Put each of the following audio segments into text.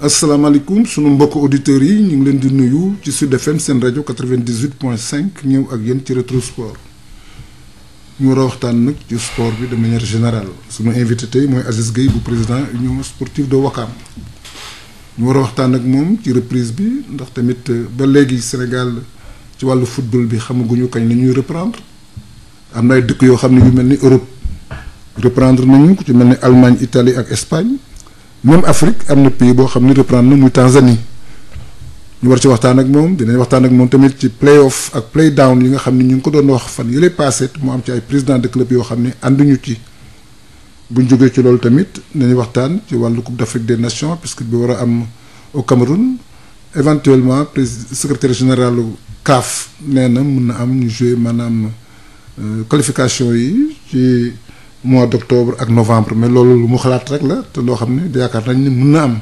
asalaamaaleykum sunu mbokk auditeurs yi ñu ngi leen di nuyu ci Sud FM seen rajo 98.5 ñëw ak yéen ci rétro sport ñu war a waxtaan nag ci sport bi de manière générale sunu invité tey mooy Aziz Gueye bu président union sportive de Wakam ñu war a waxtaan ak moom ci reprise bi ndax tamit euh, ba léegi Sénégal ci wàllu football bi xamaguñu kañ la ñuy reprendre am na ay dëkk yoo xam ne yu mel ni Europe reprendre nañu ku ci mel ni Allemagne Italie ak Espagne. même Afrique am na pays boo xam ni reprendre na muy Tanzanie ñu war ci waxtaan ak moom dinañ waxtaan ak moom tamit ci play off ak play down yi nga xam ni ñu ngi ko doon wax fan yële passé mu am ci ay président de club yoo xam ni ànduñu ci buñ jógee ci loolu tamit nañu waxtaan ci wàllu Coupe d'Afrique des Nations puisque bi war a am au Cameroun éventuellement président secretaire général CAF nee na mun na am ñu jouer maanaam euh, qualification yi ci. mois d'octobre ak novembre mais loolu lu mu xalaat rek la te loo xam ne yaakaar nañ ne mun na am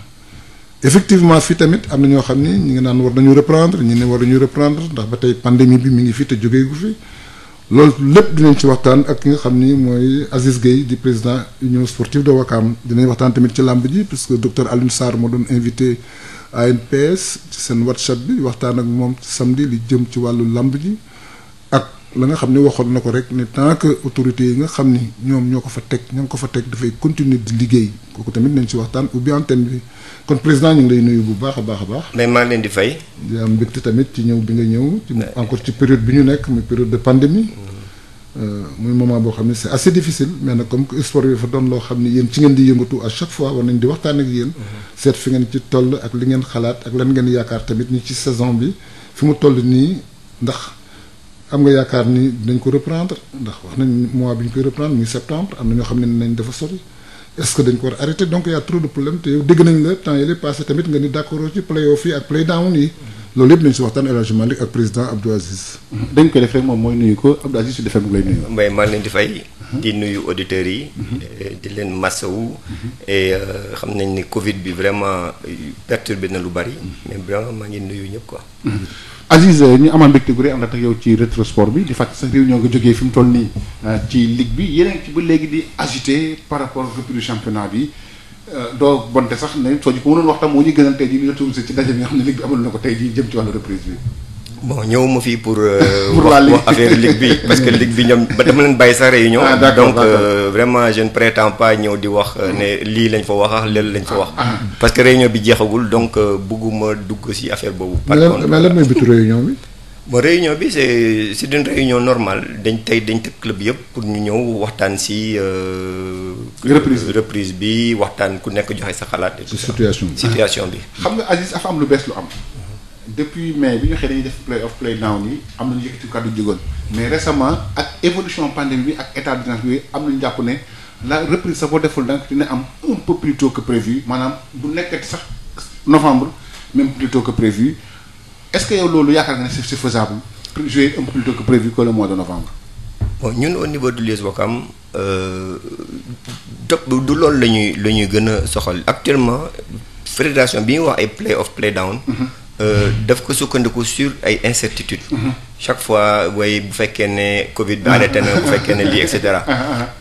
effectivement fii tamit am na ñoo xam ni ñi ngi naan war nañu reprendre ñi ne war nañu reprendre ndax ba tey pandémie bi mu ngi fi te jógee gu fi loolu lépp dinañ ci waxtaan ak ki nga xam ni mooy Aziz Gueye di président union sportive de Wakam dinañ waxtaan tamit ci làmb ji puisque docteur Alioune Sarr moo doon invité ANPS ci seen WhatsApp bi waxtaan ak moom samedi li jëm ci wàllu làmb ji. la nga xam ne waxoon na ko rek ne tant que autorités yi nga xam ni ñoom ñoo ko fa teg ñoo ngi ko fa teg dafay continuer di liggéey kooku tamit nañ ci waxtaan ubbi antenne bi kon président ñu ngi lay nuyu bu baax a baax a baax. mais maa leen di fay. di am mbégte tamit ci ñëw bi nga ñëw. ci encore ci période bi ñu nekk muy période de pandémie. Mm. Euh, muy moment boo xam ne c'est assez difficile mais nag comme que sport bi fa doon loo xam ni yéen ci ngeen di yëngatu à chaque fois war nañ di waxtaan ak yéen. Mm-hmm. ngeen ci toll ak li ngeen xalaat ak lan ngeen yaakaar tamit ni ci saison bi fi mu toll nii ndax. am nga yaakaar ni dinañ ko reprendre ndax wax nañ mois bi ñu koy reprendre muy septembre am na ñoo xam ne nañ dafa sori est-ce que dañ ko war arrêté donc y a trop de problème te yow dégg nañ la temps yële passé tamit nga ni d'accord ci play-off yi ak play-down yi loolu yëpp nañu si waxtaan El Hadj Malick ak président Abdou Aziz. dañ koy def rek moom mooy nuyu ko Abdou Aziz su defee mu lay nuyu. mbay maa ngi leen nuyu auditeurs yi. di leen massawu. et euh, xam nañ ni Covid bi vraiment euh, perturbé na lu bari. maa ngi nuyu ñëpp quoi. Aziz euh, ñu amaan mbégte gu am na ak yow ci rétrosport bi di fàttali sa réew ñoo nga jógee fi mu toll nii ci lig bi yéen ci ba léegi di agité par rapport ak championnat bi. Euh, doo bonte sax ne soo ñu ko mënoon wax tam moo ñu gënal tey jii ñu doon ci daje bi nga xam ne ligue bi amal na ko tey jii jëm ci wàllu reprise bi. bon ñëw ma fii pour. Euh, pour wax affaire ligue bi parce que ligue bi ñoom ba dama leen bàyyi sa réunion. Ah, donc euh, vraiment je ne prétends pas ñëw di wax ne lii lañ fa wax ak lël lañ fa wax. Ah, ah. parce que réunion bi jeexagul donc bëgguma dugg si affaire boobu. par contre mais lan mooy bitu réunion bi. bon réunion bi c'est c'est une réunion dañ tey dañ tëg club yëpp pour ñu ñëw waxtaan si. Euh, reprise reprise bi waxtaan ku nekk joxe sa xalaat. et tout ça situation bi situation bi. xam nga a dafa am lu bees lu am. depuis mai bi ñu xëy dañuy def play off play down yi am nañu yëkkati kàddu ak évolution pandémie bi ak état d'urgence bi am nañu ne la reprise sa boo deful donc dina am un peu plus tôt maanaam bu nekkati sax novembre même plus tôt que prévu. est-ce que yow loolu yaakaar nga ne c'est faisable jouer un peu plus tôt que prévu que mois de novembre. bon ñun au niveau de l'US Ouakam euh, du loolu la ñuy la ñuy gën a soxal actuellement fédération bi ñuy wax ay play off play down. Mhm. Euh, def ko sukkandiku sur ay incertitudes. Mhm. chaque fois way bu fekkee ne Covid bi ah. na bu fekkee ne lii et ah, ah,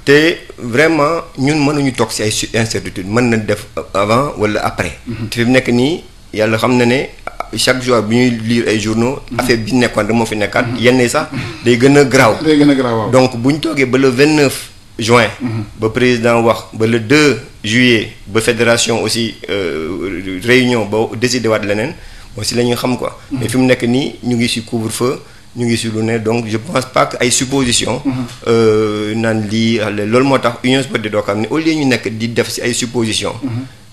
te vraiment ñun mënuñu toog si ay incertitudes mën na def avant wala après. Mhm. te fi mu nekk nii yàlla xam na ne. chaque jour bi ñuy lire ay journaux. Mhm. affaire bi nekkoon rek moo fi nekkaat. Mhm. yenn sax day gën a garaaw. day gën a garaaw donc bu ñu toogee ba le vingt neuf juin. Mhm. ba président wax ba le deux juillet ba fédération aussi euh, réunion ba décidé waat leneen mooy si la xam ko mais fi mu nekk nii ñu ngi si couvre feu. ñu ngi si lu ne donc je pense pas que ay supposition euh, naan lii loolu moo tax union sportive doo xam ne au lieu ñu nekk di def si ay supposition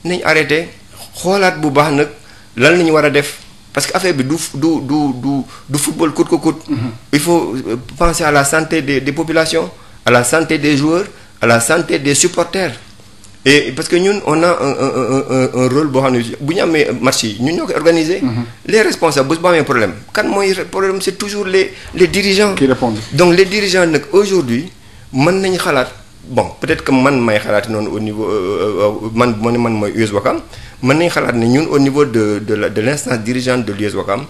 nañ arrêté xoolaat bu baax nag. lan la ñu war a def parce que affaire bi du du du du du football coûte que coûte. Mhm. il faut euh, penser à la santé des des populations à la santé des joueurs à la santé des supporters. et parce que ñun on a un un boo xam ne bu ñu amee marché yi ñu ñoo koy organiser. Mhm. les responsables bu amee problème kan mooy problème c'est toujours les les dirigeants. qui répondent donc les dirigeants nag aujourd'hui mën nañu xalaat bon peut-être que man may xalaat noonu au niveau euh, euh, man moo ne man mooy US Wakam mën nañ xalaat ne ñun au niveau de de la de l' instance dirigeante de l'UES Ouakam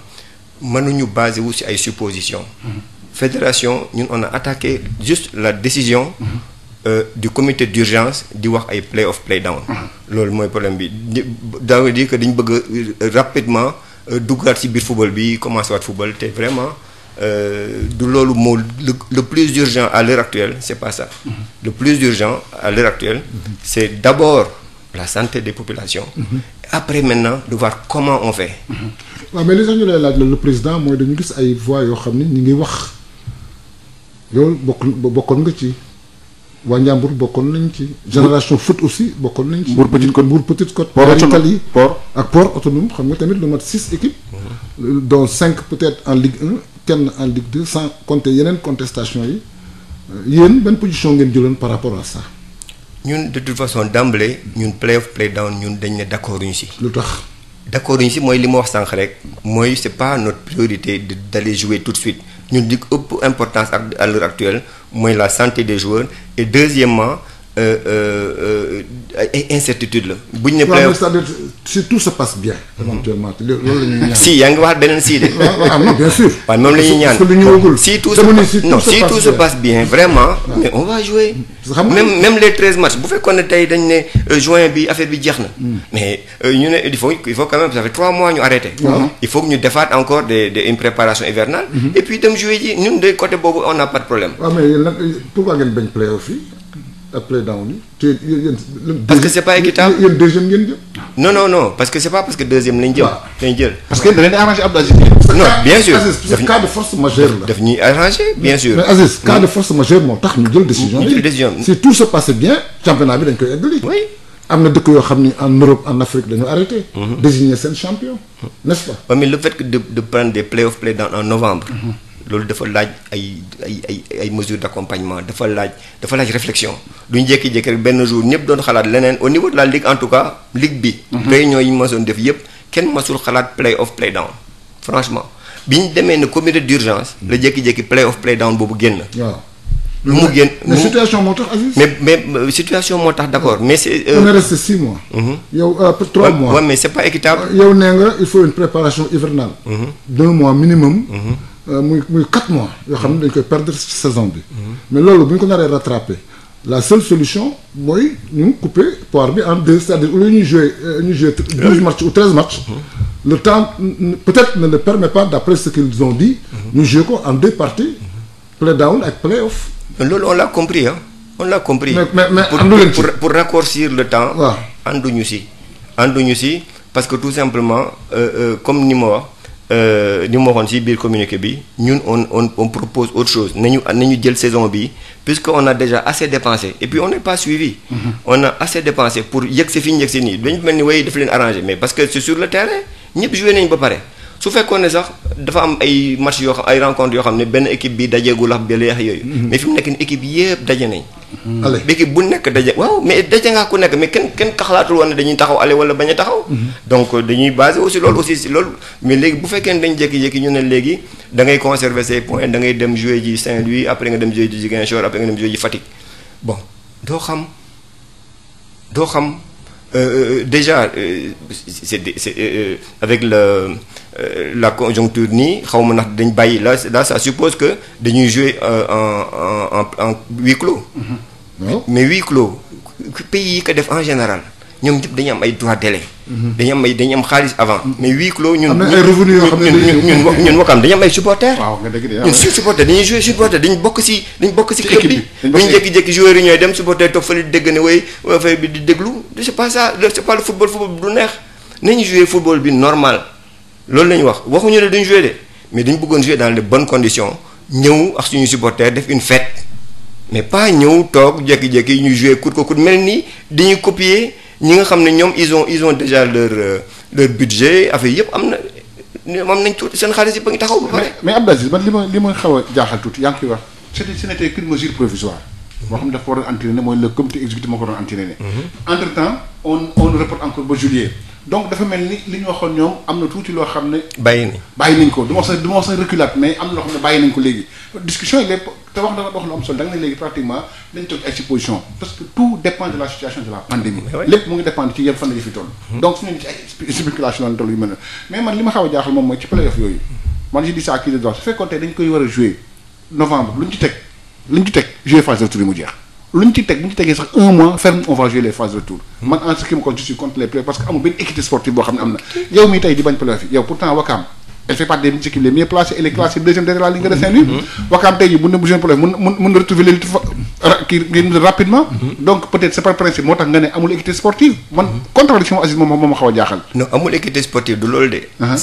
mënuñu basé wu ci ay suppositions. Mm-hmm. fédération ñun on a attaque juste la décision. Mm-hmm. Euh, du comité d'urgence di wax ay play off play down. Mm-hmm. loolu mooy problème bi di daa veut dañu bëgg euh, rapidement euh, duggaat ci biir football bi commencé waat football te vraiment. Euh, du loolu moo le le plus urgent à l'heure actuelle c'est pas ça. Mm le plus urgent à l'heure actuelle. Mm c'est d'abord la santé des populations. Mhm. après maintenant de voir comment on fait. Mhm. waaw mais li ñu lay laaj loolu le président mooy dañu gis ay voix yoo xam ni ñu ngi wax yow bokk bokkoon nga ci waa Njàmbur bokkoon nañ ci. génération foot aussi bokkoon nañ ci. Mbour Petite Côte Mbour Petite Côte. port autonome port ak port autonome xam nga tamit lu mat six équipes. Mhm. dont cinq peut-être en Ligue 1 kenn en Ligue 2 sans compter yeneen contestation yi euh, yéen benn position ngeen jëloon par rapport à ça. ñun de toute façon d'emblée ñun play off play down ñun dañ ne d'accord ñu si. lu tax d'accord ñu si mooy li ma wax sànq rek. mooy c'est pas notre priorité de d'aller jouer tout de suite ñun di ëpp importance ak à l'heure actuelle mooy la santé des joueurs et deuxièmement ay euh, euh, euh, incertitude la. buñ ne play si la ñuy ñaan. si yaa ngi wax beneen si de. waaw ah, ah, bien sûr. waaw moom la ñuy ñaan si tout se non si tout se passe bien vraiment. Ah. mais on va jouer. même même les treize bu fekkoon ne tey dañ ne juin bi affaire bi jeex na. Hmm. mais ñu ne il faut il faut quand même ça fait trois mois ñu arrêté. il faut ñu defaat encore des des une préparation hivernale. Hmm. et puis dem jouer ji ñun de côté boobu on n'a pas de problème. waaw mais pourquoi ngeen bañ playoff yi après daaw ni parce que c'est pas équitable yéen deuxième ngeen jël. non non non parce que c'est pas parce que deuxième lañ jël. waaw jël. parce que da leen di Abdou Aziz. non bien sûr Aziz cas de bien sûr. mais cas de force majeure moo tax ñu jël décision. ñu jël décision si tout se passe bien championnat bi dañ koy eggali. oui am na dëkk yoo xam ni en Europe en Afrique dañoo arrêté. Mhm. désigner seen champion n'est-ce pas. mais le fait que de de loolu dafa laaj ay ay ay ay mesures d'accompagnement dafa laaj dafa laaj réflexion du jékki-jékki rek benn jour ñëpp doon xalaat leneen au niveau de la ligue en tout cas ligue bi. Mhm. réunion yi ñu mësoon def yëpp kenn mësul xalaat play off play down franchement bi ñu demee ne comité d'urgence la mhm. jékki-jékki play off play down boobu génn. lu mu génn mais situation moo tax Aziz. mais mais situation moo tax d'accord mais c'est. Euh, on est mhm. euh, pas équitable. yow nee nga il faut une préparation hivernale. deux Euh, muy muy quatre mois yoo xam ne dañ koy perdre ci saison bi. mais loolu bu ñu ko naree rattraper la seule solution mooy ñu couper poire bi en deux c'est-à-dire au lieu ñuy jouer euh, ñu jouer douze ou treize le temps peut-être ne le permet pas d'après ce qu'ils ont dit. ñu jouer ko en deux parties. play down ak play off. loolu on l'a compris on l'a compris. mais mais mais pour pour, pour raccourcir le temps. waaw anduñu si. anduñu si parce que tout simplement euh, euh comme ni ma wax. Euh, ni mu waxoon ci biir communiqué bi ñun on on on propose autre chose nañu nañu jël saison bi puisque on a déjà assez dépensé et puis on n'est pas suivi. Mm-hmm. on a assez dépensé pour yëg si fi ñu yëg si nii dañu mel ni way daf leen arrangé mais parce que c'est sur le terrain ñëpp joué nañu ba pare. su fekkoon ne sax dafa am ay match yoo xam ay rencontre yoo xam ne benn équipe bi dajeegul ak bële ak yooyu. Mhm. mais fi mu nekk nii équipe yëpp daje nañ. Mhm. allé bu nekk daje waaw mais daje nga ku nekk mais kenn kenn xalaatul woon ne dañuy taxaw ale wala bañ a taxaw. Mhm. donc dañuy basé aussi loolu aussi si loolu. mais léegi bu fekkee ne dañ jékki-jékki ñu ne léegi da ngay conserver ses points da dem jouer ji saint après nga dem jouer ji Ziguinchor après nga dem jouer ji Fatick bon doo Euh, euh, déjà euh, c'est c'est euh, euh, avec le la conjoncture nii xaw ma ndax dañ bàyyi là là ça suppose que dañuy jouer en en en en huis clos. Mm-hmm. mais huis clos pays yi ko def en général. ñoom ñëpp dañu am ay droit délai. dañu am ay dañu am xaalis avant. mais huis clos ñun. am na ay xam ne ñun ñun ñun Wakam dañu am ay supporters. waaw nga dëgg de ñun suñu dañu bokk si dañu bokk si bi. dañu jékki-jékki joueurs yi ñooy dem supporters toog fële ne way fay football bi normal loolu la ñu wax waxuñu ne dañu jouer de mais dañu bëggoon jouer dans les bonnes conditions ñëw ak suñu supporters def une fête mais pas ñëw toog jékki-jékki ñu jouer coûte que coûte mel ni dañuy copier ñi nga xam ne ñoom ils ont ils ont déjà leur euh, leur budget affaire yëpp am na am nañ tuuti seen xaalis yi ba ngi taxaw. ba pare mais mais Abdou Aziz li ma li ma xaw a jaaxal tuuti yaa ngi koy wax. c'était ce n'était qu'une mesure provisoire. boo xam ne daf ko waroon entériné mooy le comité exécutif moo ko waroon entériné. Mhm. entre temps encore ba juillet. donc dafa mel ni li ñu waxoon ñoom am na tuuti loo xam ne. bàyyi nañ ko du wax sax du mais am na loo xam ne léegi. pratiquement dañ toog ay supposition parce que tout dépend de la situation de la pandémie. lépp mu ngi dépendre ci yan fan la ñu fi toll. Mhm. donc suñu ci ay spéculation lañ toll mais man li ma xaw a jaaxal moom lu ñu ci teg jouer phase retour yi mu jeex lu ñu teg bu ñu tegee sax un mois ferme on va jouer les phases retour man en ce qui me je suis contre les playoffs parce que amul benn équité sportive boo xam ne am na yow mii tey di bañ playoff yi yow pourtant Wakam elle fait partie des équipes les mieux placées et les classées deuxième derrière la Ligue de Saint-Louis. Wakam tey jii bu mun mun mun retrouver les kii kii rapidement. Mhm. donc peut-être c'est par principe moo tax nga ne amul équité sportive. man mhm. contradiction Aziz moom moom ma xaw a jaaxal. non amul équité sportive du loolu uh-huh. euh,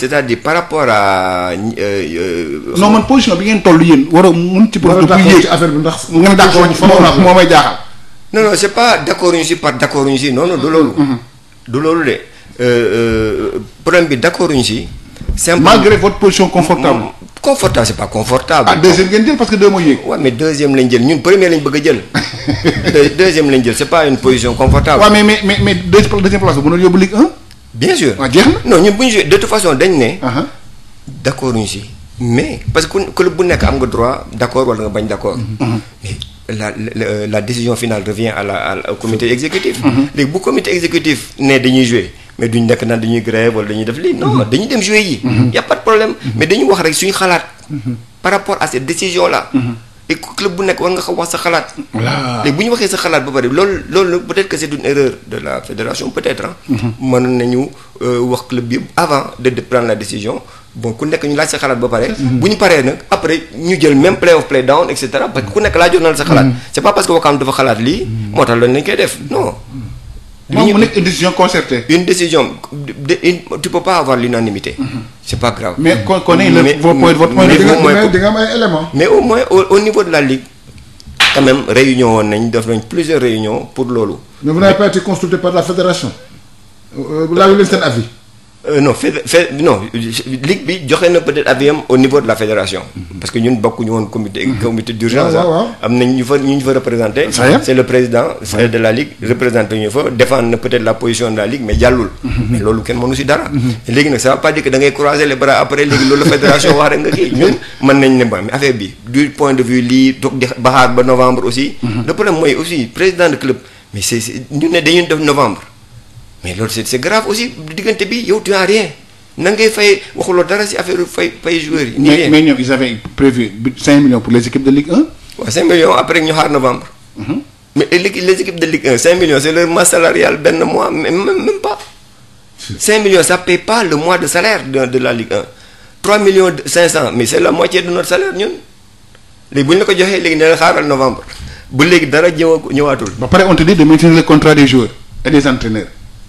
euh, bi ngeen toll yéen war a mun ci. war a d'accord bi ndax. ngeen d'accord ci foofu moo may jaaxal. pas d'accord ñu si par du loolu. Mhm. du loolu de euh, problème bi d'accord ñu si. simplement malgré votre position confortable confortable c'est pas confortable. Ah, deuxième ngeen jël parce que deux moo yéeg. waaw mais deuxième lañ jël ñun premier lañ bëgg a jël deuxième lañ jël c'est pas une position confortable. waaw mais mais mais place bu mënoon bien sûr waaw bu ñu joué de toute façon dañ ne. Ah, ah. d'accord ñu si. mais parce que club bu nekk am nga droit d'accord wala nga bañ d'accord. Mm-hmm. Mm-hmm. La, décision finale revient à la à la au comité mm-hmm. exécutif. léegi mais duñ nekk naan dañuy grève wala dañuy def lii non mhm. dañuy dem jouer yi mhm. y a pas de problème mhm. mais dañuy wax rek suñu xalaat par rapport à cette décision là et club bu nekk war nga xam wax sa xalaat. léegi bu ñu waxee sa xalaat ba pare loolu loolu peut-être que c'est une erreur de la fédération peut-être ah. mën nañu euh, wax avant de de prendre la décision bon ku nekk ñu laaj sa xalaat ba pare. bu ñu paree nag après ñu jël même play off play down et cetera ku nekk laa na nal sa xalaat. c'est pas parce que Wakam dafa xalaat lii. moo tax loolu lañ koy def non. moom mu nekk une décision concertée. une décision de une pas avoir l'unanimité mhm. c'est pas grave. mais kon kon nañ la votre point di nga am ay éléments. mais au moins au, au de la ligue. quand réunion woon nañ def nañ plusieurs réunions pour loolu. mais vous n'avez pas été consulté par la fédération. Euh, laaju leen seen avis. Euh, non fédé non ligue bi joxe na peut-être aviam au niveau de la fédération. Mhm. parce que ñun bokkuñu woon comité. Mhm. comité d'urgence ah. am nañ ñu fa ñu fa représenté. c'est le président de la ligue représenté ñu fa défendre na peut-être la position de la ligue mais jàllul. Mhm. mais loolu kenn mënu si dara. léegi nag ça pas dire que da croiser les bras après léegi loolu la fédération wax rek nga kii ñun mën nañ ne ba mais affaire bi du point de vue lii toog di baxaar ba novembre aussi. le problème mooy aussi président mais loolu c'est grave aussi diggante bi yow tu a rien na ngay fay waxuloo dara si affaire fay fay joueurs yi. nii mais mais ñoom ils avaient prévu 5 millions pour les équipes de Ligue 1. waaw 5 millions après ñu xaar novembre. Mhm. mais les équipes de Ligue 1 5 millions c'est leur masse salariale benn pas. 5 millions ça paye pas le mois de salaire de de la Ligue 1 3 millions 500 mais c'est la moitié de notre salaire ñun léegi bu ñu la ko joxee léegi ne la novembre ba léegi dara ñëwaatul. ba pare on te dit de maintenir le contrat des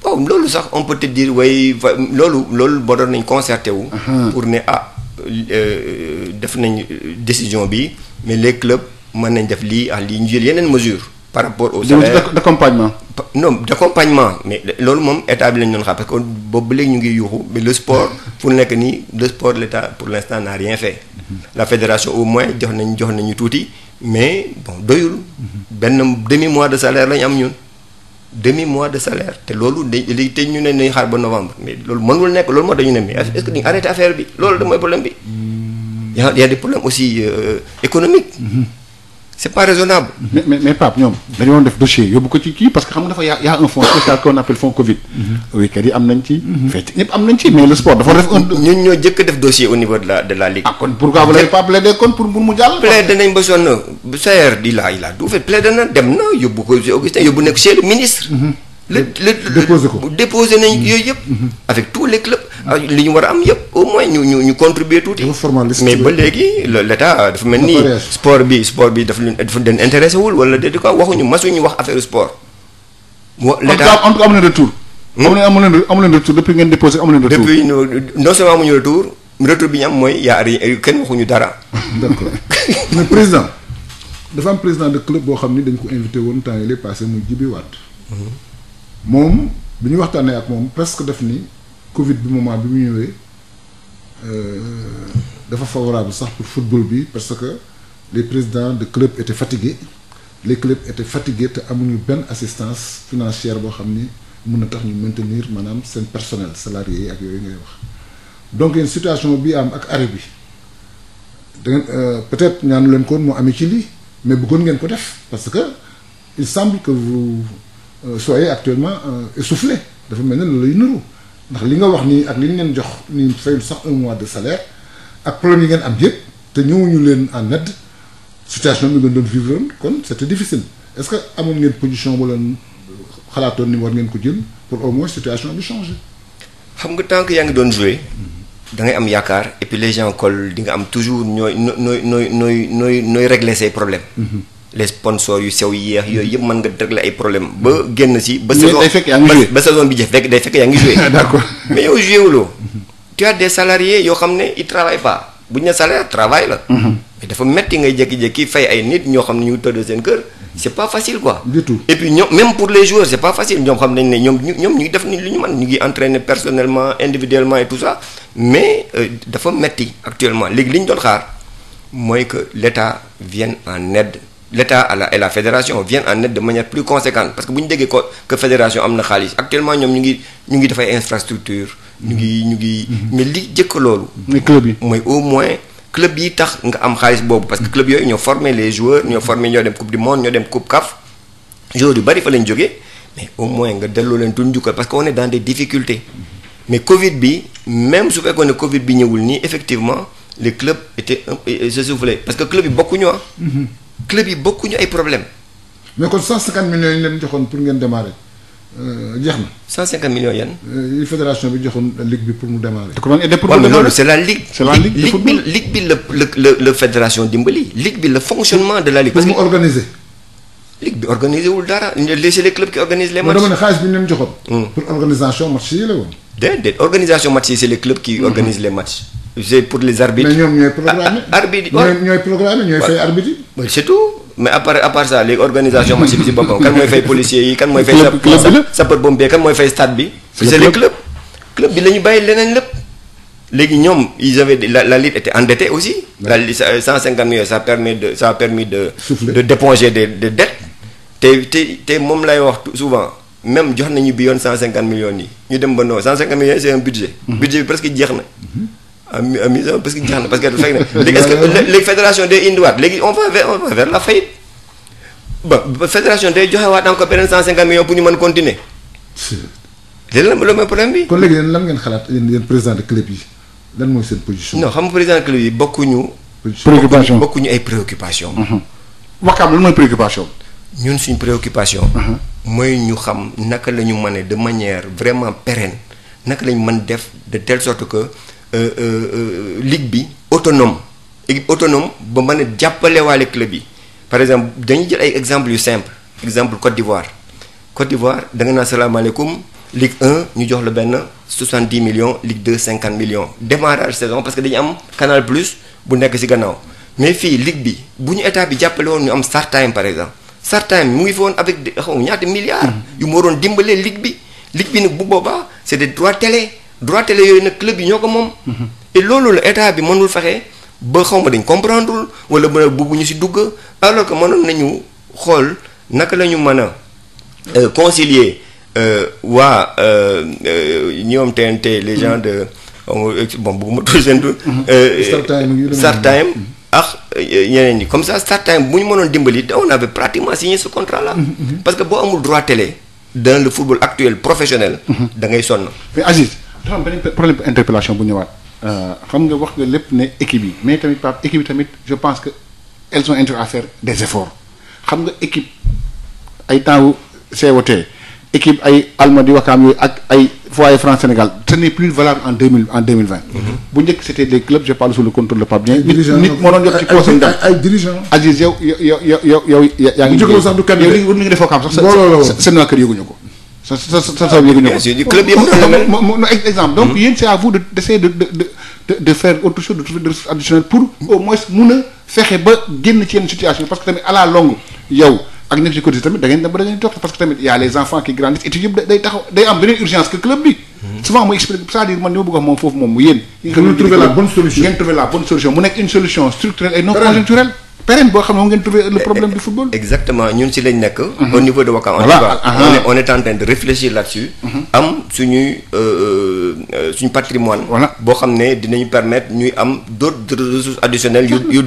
bon oh, loolu sax on peut te dire way loolu loolu boo doon nañ concerté wu. pour ne ah euh, def nañ euh, décision bi mais les clubs mën nañ def lii ah lii ñu jël yeneen mesure par rapport au salaire d'accompagnement non d'accompagnement mais loolu moom état bi lañ doon xam parce que boobu ba léegi ñu ngi yuuxu mais le sport fu nekk nii le sport l'état pour l'instant n'a rien fait mhm. la fédération au moins jox nañ jox nañu tuuti mais bon doyul mhm. benn demi mois de salaire lañ am ñun demi mois de salaire te loolu dañ te ñu ne nañ xaar ba novembre mais loolu mënul nekk loolu moo dañu ne mais est-ce que dañu affaire bi loolu da mooy problème bi. Mm. y a y a aussi euh, économiques. Mm-hmm. c'est pas raisonnable. mais mais mais Pape ñoom dañoo def dossier yóbbu ko ci kii parce que xam nga dafa y' a un fonds Covid. wéykat mhm. yi am nañ ci. Mhm. fecc am nañ ci mais le sport dafa def un. ñun ñoo jëkk def dossier au niveau de la de ah kon pourquoi vous pas plaidé kon pour mu jàll. plaidé nañ ba sonn Sayer di laa il a tout na dem na yóbbu ko Augustin yóbbu na ko chez le ministre. Mhm. le le déposé ko déposé nañ yooyu yëpp. li ñu war a am yëpp au ñu ñu ñu contribuer tuuti. mais ba léegi l' état dafa mel ni. sport bi sport bi dafa leen intéressé wul wala déedéet quoi waxuñu masuñu wax affaire sport. wa l' état en tout cas amu leen retour. Hmm? amu leen amuñu retour retour bi ñu am mooy yaa kenn waxuñu dara. dafa am président de club boo xam ni dañ ko invité woon temps yii lay passé muy Djibi Wade. Hmm. moom bi ñu ne ak moom presque def nii Covid bi moment bi mu ñëwee euh, dafa favorable sax pour football bi parce que les président de club étaient fatigués les clubs étaient fatigués te amuñu benn assistance financière boo xam ni mun na tax ñu maintenir maanaam seen personnel salarié yi ak yooyu ngay wax donc yéen situation bi am ak arrêt bi da ngeen euh, peut-être ñaanu leen koon moo amee ci lii mais bëggoon ngeen ko def parce que il semble que vous euh, soyez actuellement essoufflé dafa mel ne loolu lay nuru ndax li nga wax nii ak li ñu leen jox ni fayul sax un mois de salaire ak problème yi ngeen am yëpp te ñëwuñu leen en aide situation bi ngeen doon vivre kon c'était difficile est-ce que amoon ngeen position bu leen xalaatoon ni war ngeen ko jël pour au moins situation bi changer. xam nga tant yaa ngi doon jouer da ngay am yaakaar et puis les gens di nga am toujours ñooy nooy nooy nooy nooy nooy régler say problème mm-hmm. les sponsors yu sew yeex yooyu yëpp mën nga régler ay problème ba génn si. ba saison ba saison bi jeex fekk day fekk yaa ngi joué. mais yow joué wuloo tu as des yoo xam ne ils travaillent pas bu ñu ne salaire travail la. Mhm. mais dafa metti nga jékki-jékki fay ay nit ñoo xam ne ñu ngi tëdd seen kër. c'est pas facile quoi. du tout et puis ñoom même pour les joueurs c'est pas facile ñoom xam ne ñoom ñoom ñu ngi def ni lu ñu mën ñu ngi entraîner personnellement individuellement et mais euh, dafa metti actuellement léegi li ñu doon xaar mooy que l'État vienne en aide. l'État à la et la fédération viennent en aide de manière plus conséquente parce que bu ñu déggee ko que fédération am na xaalis actuellement ñoom ñu ngi ñu ngi dafay infrastructure ñu ngi ñu ngi mhm. mais li jëkk loolu mooy au moins club yi tax nga am xaalis boobu parce que mhm. club yooyu ñoo formé les joueurs ñoo formé ñoo dem coupe du monde ñoo dem coupe CAF joueurs yu bari fa lañ jógee mais au moins nga delloo leen tuuti njukkal parce que on est dans des difficultés mais Covid bi même su fekkoon ne Covid bi ñëwul nii effectivement les clubs étaient parce que club yi bokkuñu ah mhm. club yi bokkuñu ay problème mais kon 150 millions yi ñu leen joxoon pour ngeen démarrer euh, jeex na. 150 millions yan. yi euh, fédération bi joxoon ligue bi pour mu démarrer. te comment loolu c' est la ligue. c' est la bi ligue bi la la la fédération dimbali ligue bi le fonctionnement de la ligue. parce pour mu organiser. ligue bi organisé wul dara les c'est les clubs qui organisent les matchs. non dama ne xaalis bi ñu leen joxoon. Hmm. pour organisation match yi la woon. déedéet organisation match yi c'est les clubs qui hmm. organisent les matchs. pour les arbitres. mais ñoom ñooy ah, programmé ah, arbitre ñooy ñooy programmé ñooy fay yi. c'est mais à part à part organisation match bi si boppam kan mooy fay policiers yi kan mooy fay. sapeur pompier kan mooy fay stade bi. c'est les clubs club bi la bàyyi leneen lépp. léegi ñoom ils avaient la la Ligue euh, de te te te moom lay wax souvent même jox nañu bi yoon cent cinquante million yi ñu dem ba non cent cinquante millions c'est un budget mhm. budget bi presque jeex na am mhm. am ah, ah, ah, parce que jeex na parce léegi fédération day indiwaat léegi on va vers on va vers la faillite ba fédération day beneen cent cinquante millions pour ñu man continuer léegi lan mooy problème bi. kon léegi yéen lan ngeen xalaat yéen yéen président de club yi lan mooy seen position. ñun suñ préoccupation. Uh-huh. mooy ñu xam naka lañu ñu mën de manière vraiment pérenne naka la ñu mën def de telle sorte que euh, euh, euh, ligue bi autonome équipe autonome ba mën a jàppalewaale club yi par exemple dañuy jël ay exemple yu simple exemple Côte d'Ivoire cote d'Ivoire da nga naan salaamaaleykum Ligue 1 ñu jox la benn 70 millions Ligue 2 50 millions démarrage saison parce que dañu am Canal Plus bu nekk ci gannaaw mais fii ligue bi bu ñu bi jàppale woon ñu am Startime par exemple. certains mu ngi fi woon avec xaw ma ñaata milliards. yu mu waroon dimbalee ligue bi ligue bi nag bu boobaa c' est des droits télé droits télé yooyu nag club yi ñoo ko moom. Mhm. te loolu la état bi mënul fexe ba xaw ma dañ comprendre wala ba ñu si dugg alors que mënoon nañu xool naka la ñu mën a euh, concilier euh, waa euh, ñoom TNT les gens mhm. de bon bëgguma tudd seen tur. Mhm. StarTime ñeneen ñi comme ça Star Time bu ñu mënoon dimbali on avait pratiquement signé ce contrat là. Mm-hmm, mm-hmm. parce que boo amul droit télé. dans le football actuel professionnel. Mm-hmm. da ngay sonn. mais Aziz dafa am benn problème interpellation bu ñëwaat. Euh, xam nga wax nga lépp ne équipe yi mais tamit par équipe yi tamit je pense que elles ont intérêt à faire des efforts xam nga équipe ay temps wu COT. équipe ay Almadies Ouakam yooyu ak ay foyer France Sénégal ce n'est plus valable en deux mille en deux mille vingt. Mhm. bu njëkk c'était des clubs je parle sous le contrôle de Pape nit moo doon jot ci poosam dem ay dirigeants. yow yow yow yow yow yaa ngi. bu njëkk sax du kan yow li nga def Ouakam sax. seen waa kër yëguñu ko. sa sa sa sa yëguñu ko. mun a fexe ba génn ci yenn situation parce que tamit à la longue yow ak ñëpp ci cotiser tamit da ngeen toog parce que tamit y les enfants qui grandissent et yëpp day taxaw day am beneen urgence que club bi. Mhm. souvent mu explique c'est-à-dire man li wax moom mu nekk une solution structurelle et non conjoncturelle. pérenne boo xam ne moom ngeen trouver le problème du football. exactement ñun si lañ nekk. Mhm. au niveau de Wakam. voilà ah, ah. en train de réfléchir là-dessus. Mhm. am suñuy euh, euh, euh, patrimoine. boo xam ne dinañu permettre ñuy am d'autres ressources additionnelles yu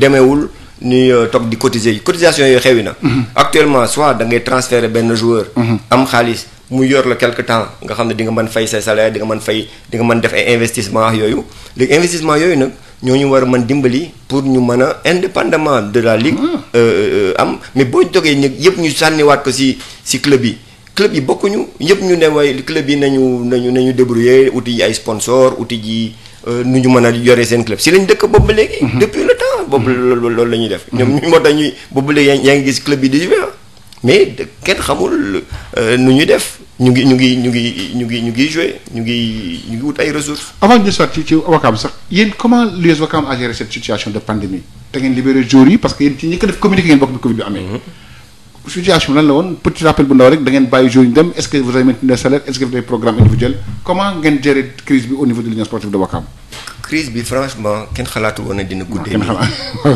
ñuy euh, toog di cotiser cotisation yooyu xewi na. Mhm. actuellement soit dangay ngay benn joueur. Mhm. am xaalis mu yor la quelque temps nga xam ne di nga mën fay say salaire di nga mën fay di nga mën def ay investissement yooyu léegi investissement yooyu nag ñoo ñu war a man dimbali pour ñu mën a indépendement de la ligue. Mhm. Euh, euh, am mais boo jógee ñëpp yëpp ñu sànniwaat ko si si club yi. club yi bokkuñu yëpp ñu ne waaye club yi nañu nañu nañu débrouiller uti yi ay sponsor uti ji. Euh, nu ñu mën a yore seen club si lañ dëkk boobu ba léegi. Mhm. depuis le temps boobu mhm. loolu la ñuy def. Mhm. ñoom ñu moo tax ñuy boobu ba léegi yaa ngi gis club bi di ah. mais kenn xamul euh, nu ñuy def ñu ngi ñu ngi ñu ngi ñu ngi ñu ngi ñu ngi ñu ngi wut ay ressources. avant ñu sotti ci Wakam sax yéen comment l'US Wakam a géré cette situation de pandémie da ngeen libéré joueurs yi parce que yéen ci ñi ko def communiqué ngeen bokk bi Covid bi amee. situation lan la woon petit rappel bu ndaw rek da ngeen bàyyi jour ñu dem est-ce que vous avez maintenu les est-ce que vous avez programme individuel comment ngeen gérer crise bi au niveau de l'union sportive de Ouakam crise bi franchement kenn xalaatul woon ne dina ah, guddee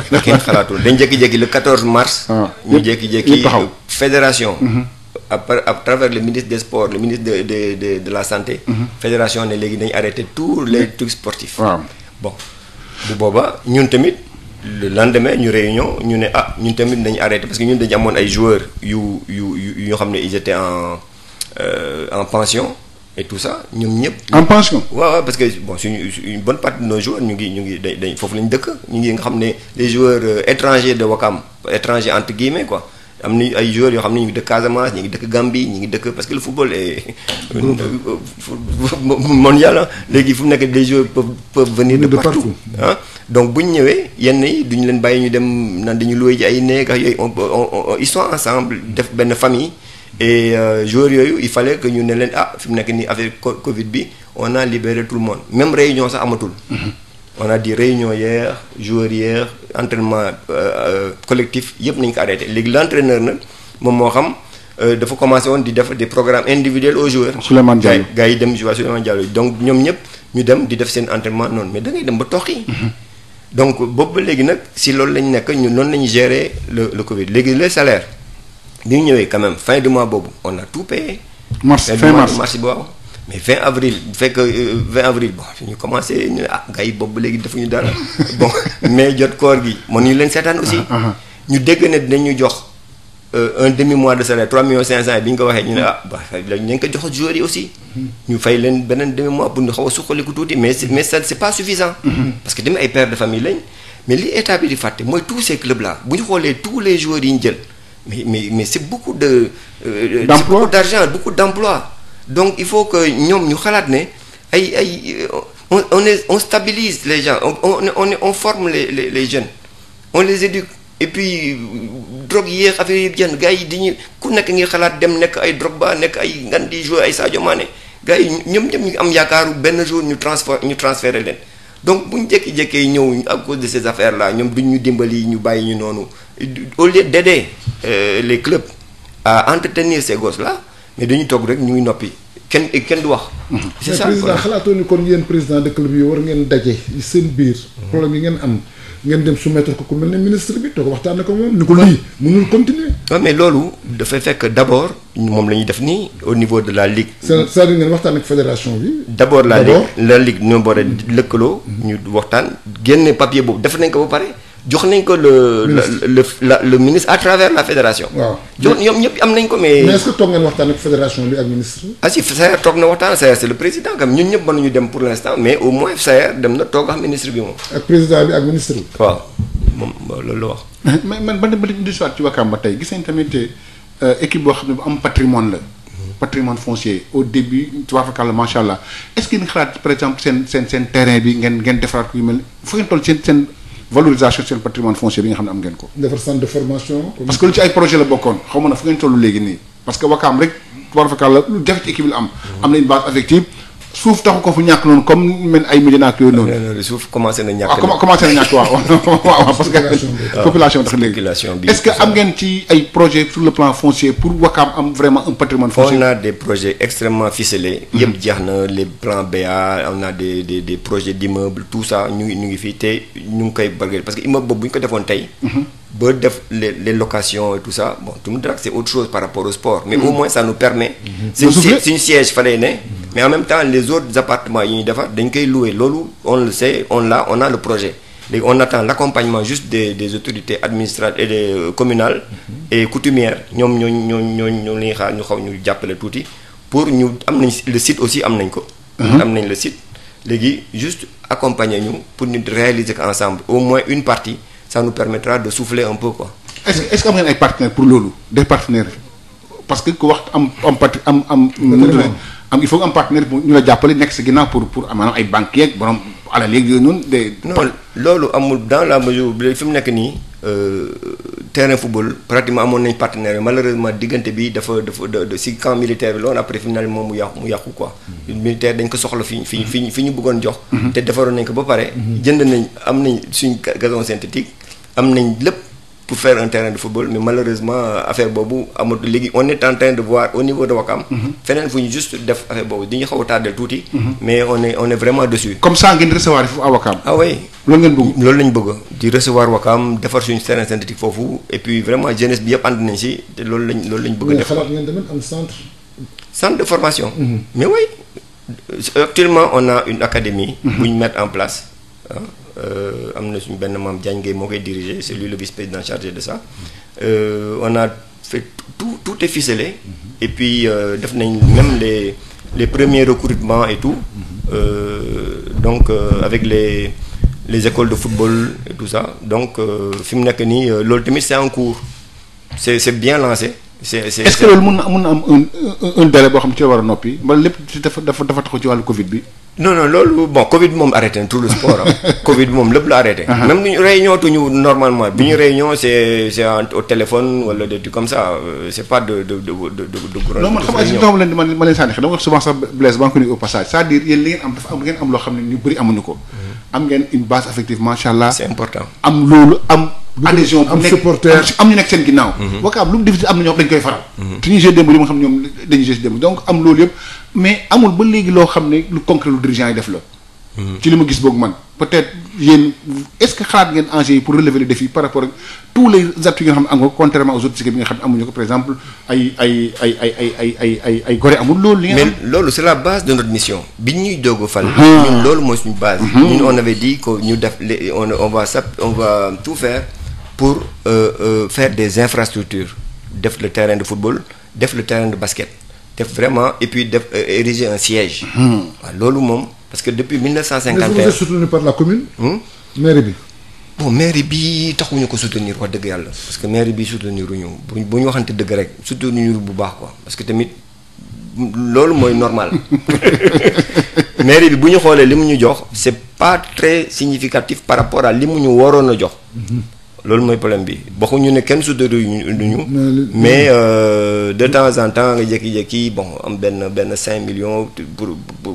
nii kenn xalaatul dañ jékki-jékki le 14 mars ah, ñu jékki-jékki fédération mhm. à à travers le ministre des sports le ministre de de de, de la santé mhm. fédération ne léegi dañu arrêté tous les trucs sportifs bon bu booba ñun tamit le lendemain ñu réunion ñu ne ah ñu tamit nañu arrêté parce que ñun dañu amoon ay joueurs yu yu yu yoo xam ne ils en euh, en pension et tout ça ñoom ñëpp. en pension. waaw waaw parce que bon suñu une bonne partie de nos ñu ngi ñu ngi dañ dañ foofu lañ dëkk ñu ngi nga xam ne les joueurs euh, étrangers de Wakam étrangers entre guillemets quoi. am na ay joueurs yoo xam ne ñu ngi dëkk Casamance ñu ngi dëkk Gambie ñu ngi dëkk parce que le football est yàlla euh, léegi fu mu nekk des joueurs peuvent peuvent venir de partout ah donc bu ñu ñëwee yenn yi duñu leen bàyyi ñu dem naan dañu loué ji ay néeg ak yooyu on ils sont ensemble def benn famille et euh, joueurs yooyu il fallait que ñu ne leen ah fu mu nekk nii avec Covid bi on a libéré tout le monde même réunion sax amatul mm-hmm. on a dit réunion hier joueur hier entraînement euh, euh, collectif yëpp nañ ko arrêté léegi l' entraîneur nag moom moo xam euh, dafa commencé woon di def des programmes individuels aux joueurs. Souleymane Diallo gars yi dem joueur Souleymane Diallo donc ñoom ñëpp ñu dem di def seen entraînement noonu mais da dem ba toqi mhm. donc boobu ba léegi nag si loolu lañ nekk ñu noonu lañu gérer le le Covid léegi les salaires bi ñëwee quand même fin du boobu on a tout payé. mars fin mars boobu. mais 20 avril bu fekk 20 euh, avril bon ñu commencé ñu ne ah gars yi boobu léegi defuñu dara bon mais jot koor gi mënuñu leen seetaan aussi. Ah, ah, ah. ñu dégg ne dinañu jox euh, un demi mois de salaire 3 millions 500 bi ñu waxee ñu ne ah ba aussi. Mm-hmm. ñu fay leen beneen demi mois pour ñu xaw a suqaliku tuuti mais mais ça c'est pas suffisant. Mm-hmm. parce que tamit ay pères de famille lañ. mais li état bi di fàtte mooy tous ces clubs bu ñu xoolee tous les joueurs yi ñu jël mais mais mais c'est beaucoup de. d'emploi euh, c'est beaucoup d'argent donc il faut que ñoom ñu xalaat ne ay ay euh, on on est on stabilise les gens on on on, on forme les, les les jeunes on les éduque et puis drogue yéex affaire yi jën gars yi ñu ku nekk ngi xalaat dem nekk ay Drogba nekk ay ngan di jouer ay Sadio Mané gars ñoom ñoom ñu am yaakaaru benn jour ñu transfor ñu transféré leen donc bu ñu jékki-jékkee ñëw a cause de ces affaires là ñoom duñ ñu dimbali ñu bàyyi ñu noonu au lieu d'aider euh, les clubs à entretenir ces la mais dañuy toog rek ñu ngi noppi kenn kenn du wax. Mhm. c'est ça président xalaatoo kon yéen président de club war ngeen daje seen biir. Mhm. problème yi ngeen am ngeen dem soumettre ko ku mel ne ministre bi toog waxtaan ko moom ni ko loolu dafay fekk d'abord moom la ñuy def nii au niveau de la ligue. c'est-à-dire ngeen waxtaan ak fédération bi. d'abord la ligue la ligue ñoo boole mhm. lëkkaloo. ñu waxtaan génne papier boobu def nañ ko ba pare. jox nañ ko le le la le ministre à travers la fédération. waaw jox nañ ko mais. mais toog ngeen waxtaan ak fédération bi ak ministre bi. ah si Sayer toog na waxtaan Sayer c'est le président kam ñun dem pour l'instant mais au moins Sayer dem na toog ak ministre bi moom. ak président bi ak ministre waaw moom loolu wax. mais man ba ba di soit ci Wakam tey gis nañ tamit euh, équipe boo xam ne bu am patrimoine la. patrimoine foncier au début tubaafakàlla macha allah est-ce que ngeen xalaat par exemple seen seen seen bi ngeen ngeen defaraat ku yu valorisation seen patrimoine foncier bi nga xam ne am ngeen ko. defar centre de formation. parce que lu ci ay projet la bokkoon xaw ma na fu ngeen toll léegi parce que Wakaam rek tubaar fakal la lu jafe ci équipe am. Mmh. am na une base suuf taxu ko fu ñàkk noonu comme men ay Médina ak yooyu noonu. suuf commencé na ñàkk waaw ah, commencé na ñàkk waaw waaw parce que. population ah, tax léegi est-ce que am ngeen ci ay projets sur le plan foncier pour Wakam am vraiment un patrimoine foncier. on a des projets extrêmement ficelés. Mm-hmm. yëpp jeex na les plans BA on a des des des projets d'immeubles tout ça ñu ngi ñu ngi fii te ñu ngi koy barkeel parce que immeuble boobu bu ñu ko defoon tey. Mm-hmm. ba def les les locations et tout ça bon tu me diras c'est autre chose par rapport au sport. mais au mm-hmm. moins ça nous permet. suñu siège suñu siège fa lay ne. Mm-hmm. mais en même temps ñuy defar dañ koy louer loolu on le sait on l'a on a le projet. léegi on attend l'accompagnement juste des des autorités administratives et des euh, communales. Mm-hmm. et coutumières ñoom ñoo ñoo ñoo ñoo ñuy xaar ñu xaw ñu jàppale tuuti pour ñu am nañ le site aussi am nañ ko. am nañ le site léegi juste accompagner ñu pour ñu réaliser ko ensemble au moins une partie. ça nous permettra de souffler un peu quoi. est-ce que est-ce que am ngeen ay partenaires pour loolu des partenaires parce que ku wax am am parti am am. am il faut am partenaire bu ñu la jàppale nekk si ginnaaw pour pour maanaam ay banques yeeg borom alal yeeg yooyu noonu de. non loolu amul dans la mesure bi fi mu nekk nii. Euh, terrain football pratiquement amoon nañ partenaire malheureusement diggante bi dafa dafa de si camp militaire bi loolu après finalement mu yàqu mu yàqu quoi. Mm-hmm. militaire dañ ko soxla fi fi fi ñu bëggoon jox. Mm-hmm. te defaroon nañ ko ba pare. Mm-hmm. jënd nañ am nañ suñ gazon synthétique. am nañ lépp pour faire un terrain de football mais malheureusement affaire boobu amatul léegi on est en train de voir au niveau de Wakam. Mhm. feneen fu ñu juste def affaire boobu di ñu xaw a tuuti. Mhm. mais on est on est ah loolu ngeen bëgg. loolu lañ bëgg di recevoir Wakam defar suñu terrain synthétique foofu et puis vraiment jeunesse bi yëpp ànd nañ si te loolu lañ loolu lañ bëgg a def centre. de formation. Mhm. mais oui actuellement on a une académie. bu ñu mettre en place. Euh, am na suñu benn maam Diagne Gueye moo koy diriger c'est lui le vice-président chargé de ça euh, on a fait tout tout est ficelé mm-hmm. et puis euh, def nañ même les les premiers recrutements et tout mm-hmm. euh, donc avec les les écoles de football et tout ça donc fi mu nekk nii loolu tamit c'est en cours c'est c'est bien lancé c'est c'est que loolu mën na mën na am un un délai boo xam ci la war a noppi mbala lépp dafa dafa dafa taxaw ci wàllu Covid bi non non loolu bon Covid moom arrêté na tout le sport ah. Covid moom lépp la arrêté. Uh-huh. même ñu réunion tuñu normalement bi ñu uh-huh. réunion c' est au téléphone wala des trucs comme ça euh, c' est pas de de de de de passage c' dire yéen li ngeen am dafa am uh-huh. loolu am. adhésion am supporter am ñu nekk seen ginnaaw. Wakaam lu mu difficile am na ñoo xam dañ koy faral. te ñuy jeu démb yi nga xam ñoom dañuy jeu démb donc am loolu yëpp mais amul ba léegi loo xam ne lu concret lu dirigeant yi def la. Mhm. ci li ma gis boog man peut-être yéen est-ce que xalaat ngeen enjeux yi pour relever le défi par rapport ak tous les actes yi nga xam ne am nga ko contrairement amuñu ko par exemple ay ay ay ay ay ay gore amul loolu. li nga xam mais loolu c'est la base de notre mission. bi ñuy doog a fal. Ah. ñun loolu mooy suñu base. Mhm. ñun on avait dit que ñu def on on va sap on va tout faire pour euh, euh, faire des infrastructures def le terrain de football def le terrain de basket. def vraiment et puis def euh, ériger un siège. Mhm. waaw loolu moom parce que depuis 1951. mais vous êtes soutenu par la commune. Hmm? mairie bi. bon mairie bi taxuñu ko soutenir wax dëgg yàlla parce que mairie bi soutenir ñu bu bu ñu waxante dëgg rek soutenir bu baax quoi parce que tamit loolu mooy normal mairie bi bu ñu xoolee li mu ñu jox c'est pas très significatif par rapport a li mu ñu waroon a jox. Mhm. loolu mooy problème bi waxuñu ne kenn su deru ñu mais euh, de temps en temps nga jékki-jékki bon am benn benn cinq millions pour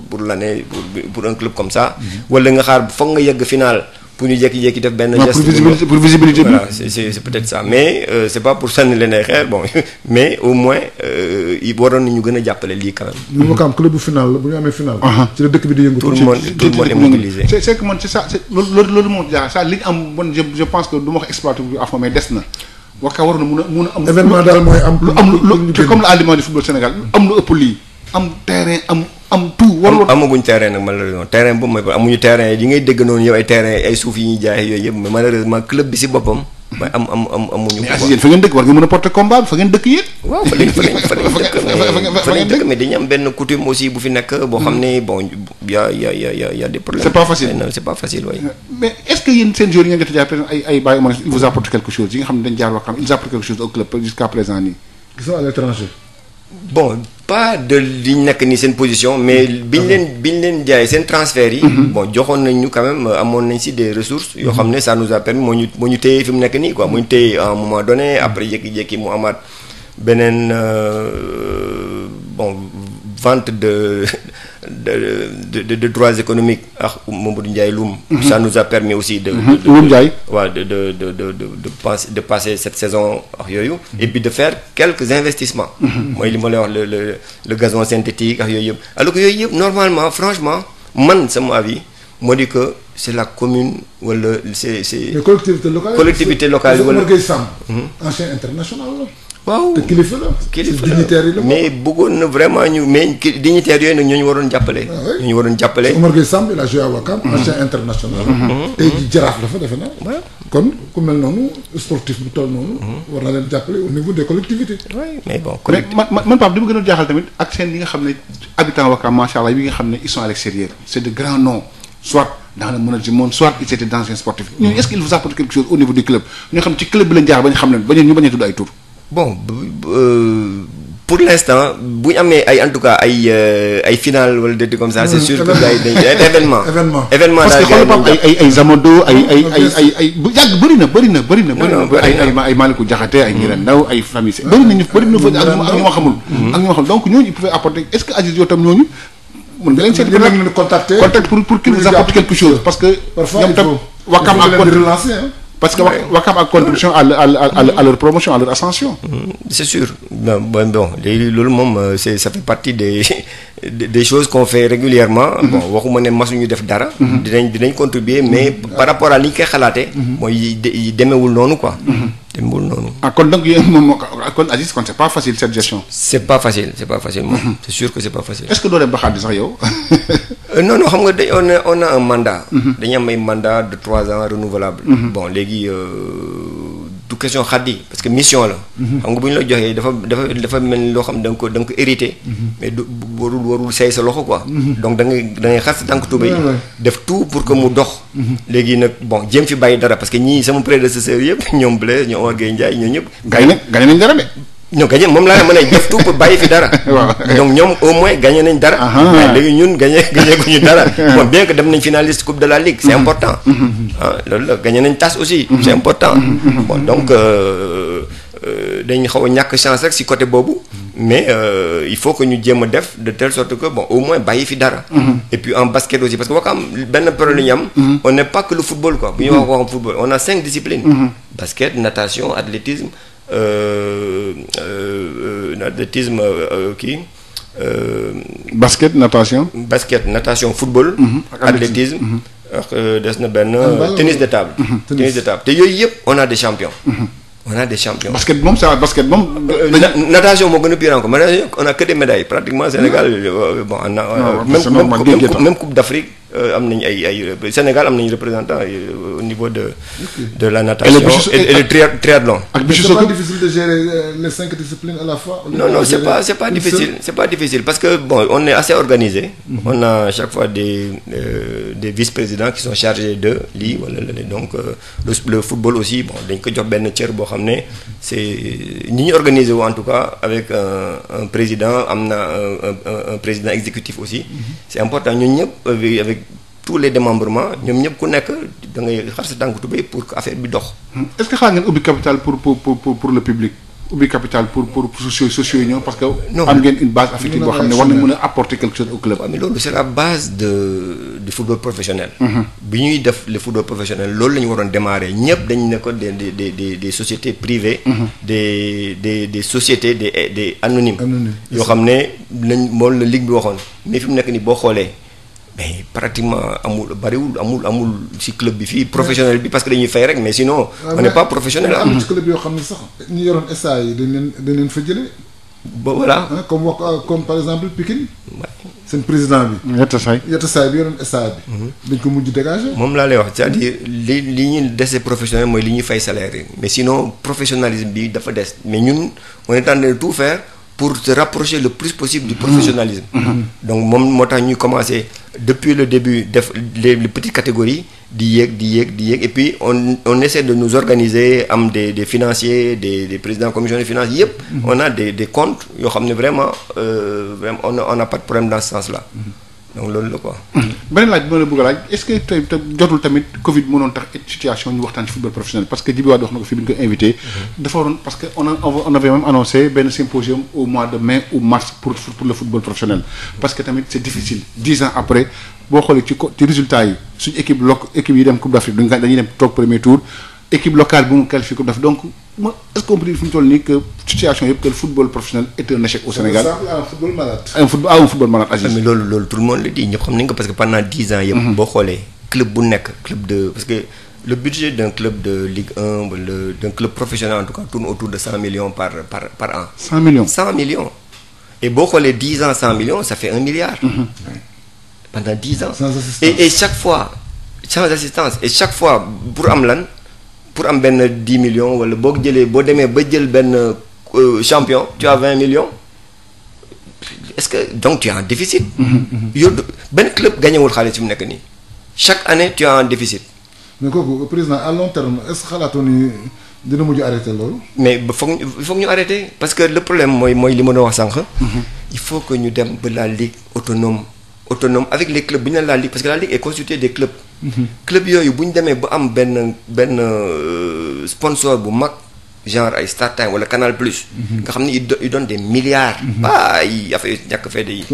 pour l'année pour un club comme ça mm-hmm. wala nga xaar foog nga yegg finaal pour ñu jékki-jékki def benn geste. pour pour visibilité bi voilà c' est peut être ça mais euh, pas pour sànni leen ay bon mais au moins yi euh, waroon nañu gën a jàppale lii quand même. ñu am club bu final la bu ñu amee final. ci la dëkk bi di yëngu. tout le monde tout le monde est mobilisé. c' loolu loolu moo jaaxal ça li ñu am bon je pense que du ko exploité bu à mais des na. wax ka waroon na mun a mun a am. événement am lu am lu te comme la aliment am terrain am am tout. amuñu terrain yi ngay dégg noonu yow ay terrain ay suuf yi ñuy jaay yooyu yëpp mais malheureusement club bi si boppam. mooy am am amuñu. mais fa ngeen dëkk war a porter combat fa ngeen dëkk yéen. waaw fa ngeen fa ngeen fa ngeen fa ngeen dëkk mais dañu am benn coutume aussi bu fi nekk. boo xam hmm. ne bon y'a y'a y'a y'a des c'est pas facile eh waaye. mais est que yéen seen joueurs yi ngeen jot a ay ay Baye Omar ils vous apportent quelque chose yi nga xam ne dañ jaar waxtaan ils apportent quelque chose au club jusqu'à présent pas de li ñu nekk nii seen position mais mhm. biñ leen biñ leen jaay seen transfert yi. Mhm. bon joxoon nañ ñu quand amoon nañ si des ressources. yoo xam ne mhm. ça nous a permis moo ñu moo ñu téye fi mu nekk nii quoi moo ñu téye à un moment donné après jékki-jékki mu amaat beneen euh, bon vente de. de de de droits économiques ak ah, Mamadou Ndiaye Loum. Mhm. ça nous a permis aussi de. Mhm. Loum Ndiaye. waaw de de de de de de passer cette saison ak yooyu. Mhm. et de faire quelques investissements. mooy li ma lay wax le le le gazon synthétique ak yooyu yëpp aloo que yooyu yëpp normalement franchement man sama avis moo di que c' la commune wala c' est c' est. collectivité locale collectivité locale wala. ancien international waaw te kilifa la. kilifa yi la mais bëggoon na vraiment ñu mais dignitaire yooyu nag ñoo ñu waroon jàppale. ñoo ah ñu waroon jàppale. Omar Gueye Samb a joué à Wakam. Mm-hmm. ancien international. Mm-hmm. tey ji jaraaf man man di ma gën a jaaxal tamit ak seen yi nga xam ne habitants Wakam macha allah yi nga xam ne ils sont à l'extérieur c'est de grands noms soit. dans le management soit quelque chose au niveau du club ñoo xam ci club bi lañ jaar ba xam leen ba ñu ñu bañ a tudd ay tur bon euh, pour l' instant bu ñu amee ay en tout cas ay euh, ay final wala des trucs comme ça c' est euh, sûr que gars ay ay ay Zamado ay bu yàgg bëri na bëri na bëri na. ay ay ay Maliku Jaxate ay Ngira mm. Ndaw ay famille bëri na ñu bëri na fa ak mm. ak ñoo xamul. Mm. ak ñoo xamul donc ñooñu il pouvait apporter est ce que Aziz yow tam ñooñu. mën nga leen seet contacter contact pour pour quelque chose parce que. parfois il faut ñoom tam wakam ak parce que Wakam ak contribution à à leur promotion à leur ascension. Mm-hmm. c'est sûr loolu moom euh, c'est ça fait partie des des choses qu'on fait régulièrement mm-hmm. bon waxuma ne masuñu def dara. Mm-hmm. dinañ dinañ contribuer mais par rapport à li ñu koy xalaatee. mooy demewul noonu ko demul noonu. ah kon donc yéen moom kon c'est pas facile c'est pas facile c'est pas facile c'est sûr que c'est pas facile. est-ce que doo dem ba sax yow. Euh, non non xam nga dañ on a on a un mandat. Mhm. dañu trois ans renouvelable. Mhm. bon léegi. Euh, du question xaddi parce que mission la. Mhm. xam nga bu ñu la joxee dafa dafa dafa mel loo xam da nga ko da nga ko hérité. Mhm. mais du warul warul say sa loxo quoi. Mhm. donc da ngay da ngay tànk tuba def tout pour que mu dox. léegi nag bon jéem fi bàyyi dara parce que ñii sama prédécesseur yëpp ñoom Blaise ñoom Omar Gueye Ndiaye ñoo ñëpp. gaañ nañ gaañ nañ dara de. ñoo gagné moom laa mën a jëftu pour bàyyi fi dara. donc ñoom au moins gagné nañ dara. waaye léegi ñun gagné gagné gu ñu dara. bon bien que dem nañ finaliste coupe de la ligue. c' important. Ah, loolu la gagné nañ tas aussi. c' important. bon donc euh, euh, dañu xaw a ñàkk chance rek si côté boobu. mais euh, il faut que ñu jéem a def de telle sorte que bon au moins bàyyi fi dara. et puis en basket aussi parce que Wakam benn problème la ñu am. on n' est pas que le football natation athlétisme. Euh, euh, euh, athlétisme kii. basket natation. basket natation football. Mhm. athlétisme mhm. des na benn. tennis de table. Mhm. tennis de table te yooyu yëpp on a des champions. on a des champions. basket moom ça basket moom. natation moo gën a pire encore man on a que des pratiquement Sénégal bon on a. même coupe d'Afrique. Euh, am nañu ay ay Sénégal am nañu représentant euh, au niveau de. de la natation et le triathlon. ak bisu c'est pas difficile de gérer euh, les cinq disciplines à la fois. non non c'est pas c'est pas difficile c'est pas difficile parce que bon on est assez organisé. Mhm. on a chaque fois des des vice-présidents qui sont chargés de lii wala la donc le football aussi bon dañ ko jox benn cër boo xam ne c'est ñi ñu organisé wu en tout cas avec un président am na un président exécutif aussi. Mhm. c'est important ñun ñëpp avec. tous les démembrements ñoom ñëpp ku nekk da ngay xar sa tànk tubéy pour que affaire bi dox. est-ce que xaar ngeen ubbi capital pour pour pour pour la base de du football professionnel. Mhm. bi ñuy def le football professionnel loolu la ñu waroon démarrer yoo xam ne lañ moom la ligue bi waxoon mais fi mu nekk nii boo xoolee. mais pratiquement amul bariwul amul amul ci club bi fii professionnel bi parce que dañuy fay rek mais sinon. Ah, on n'est pas am ne sax ñu yoroon SA yi dañ fa jëlee. ba voilà comme wax comme par exemple président bi. Yatta Say Yatta Say mhm. dañ ko mujj dégager. moom laa lay wax cest à li li ñuy dese professionnel mooy li ñuy fay salaire mais sinon bi dafa des mais ñun on est tout faire. pour se rapprocher le plus possible du professionnalisme. Mmh. Mmh. donc moom moo tax ñuy commencé depuis le début def les petites catégories di yéeg di yéeg di yéeg et puis on on essaie de nous organiser am des des financiers des des présidents commission des finances yëpp. Mmh. on a des des comptes yoo xam ne vraiment euh, vraiment on a on n'a pas de problème dans ce sens là. donc loolu la quoi. beneen laaj bi ma la bëgg a laaj est-ce que tey jotul tamit Covid mënoon tax situation ñu waxtaan ci football professionnel parce que Djibi Wade wax na ko fii bi ñu ko invité. Mhm. dafa waroon parce que on a on annoncé benn symposium au mois de mai ou mars pour pour football professionnel. parce que tamit c'est difficile dix ans après boo xoolee ci co ci résultats yi suñu équipe lok équipe yi dem Coupe d'Afrique dañuy dem toog premier tour. équipe locale bi mu qualifié ko def donc ma est-ce qu'on peut situation yëpp que le football professionnel est un échec au Sénégal. un football malade. un football ah loolu loolu tout le monde le dit ñëpp xam nañ ko parce que pendant dix ans. yëpp mhm. boo xoolee club bu nekk club de parce que. le budget d'un club de Ligue 1 d'un club professionnel en tout cas tourne autour de cent millions par par par cent millions cent millions. et boo xoolee dix mhm. chaque fois sans assistance et chaque fois pour am lan. pour am benn dix millions wala boo ko jëlee boo demee ba jël benn euh, champion tu as vingt millions est-ce que donc tu es en déficit. Mm-hmm, mm-hmm. yow benn club gañewul xaalis fi mu nekk nii chaque année tu es en déficit. mais kooku président à long terme est-ce que dina mujj arrêter loolu. mais foog ñu foog ñu arrêter parce que le problème mooy mooy li ma doon wax sànq. Mm-hmm. il faut que ñu dem ba la ligue autonome autonome avec les clubs bu ñu la la parce que la ligue est constituée club yooyu bu ñu demee ba am benn benn euh, sponsor bu mag genre ay Star Time wala Canal Plus. Mhm. nga xam ne il donne des milliards. Mhm. ah ay affaire ñàkk yi.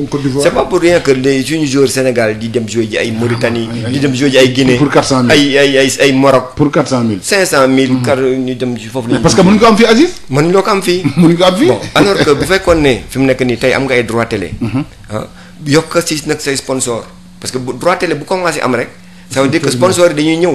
c'est pas pour rien que les suñu joueurs Sénégal di dem jouer ji ay ah, Mauritanie. Ah, ah, di dem jouer ji ay Guinée. pour 400000 ay ay ay ay Maroc. pour 400000. 500000. car ñu dem foofu la parce que mën ko am fii Aziz. mën loo ko am fii. mën ko am fii alors que bu fekkoon ne fi mu nekk nii tey am nga ay droit télé. Mhm. ah yokk si nag say sponsor ça veut dire que sponsor yi dañuy ñëw.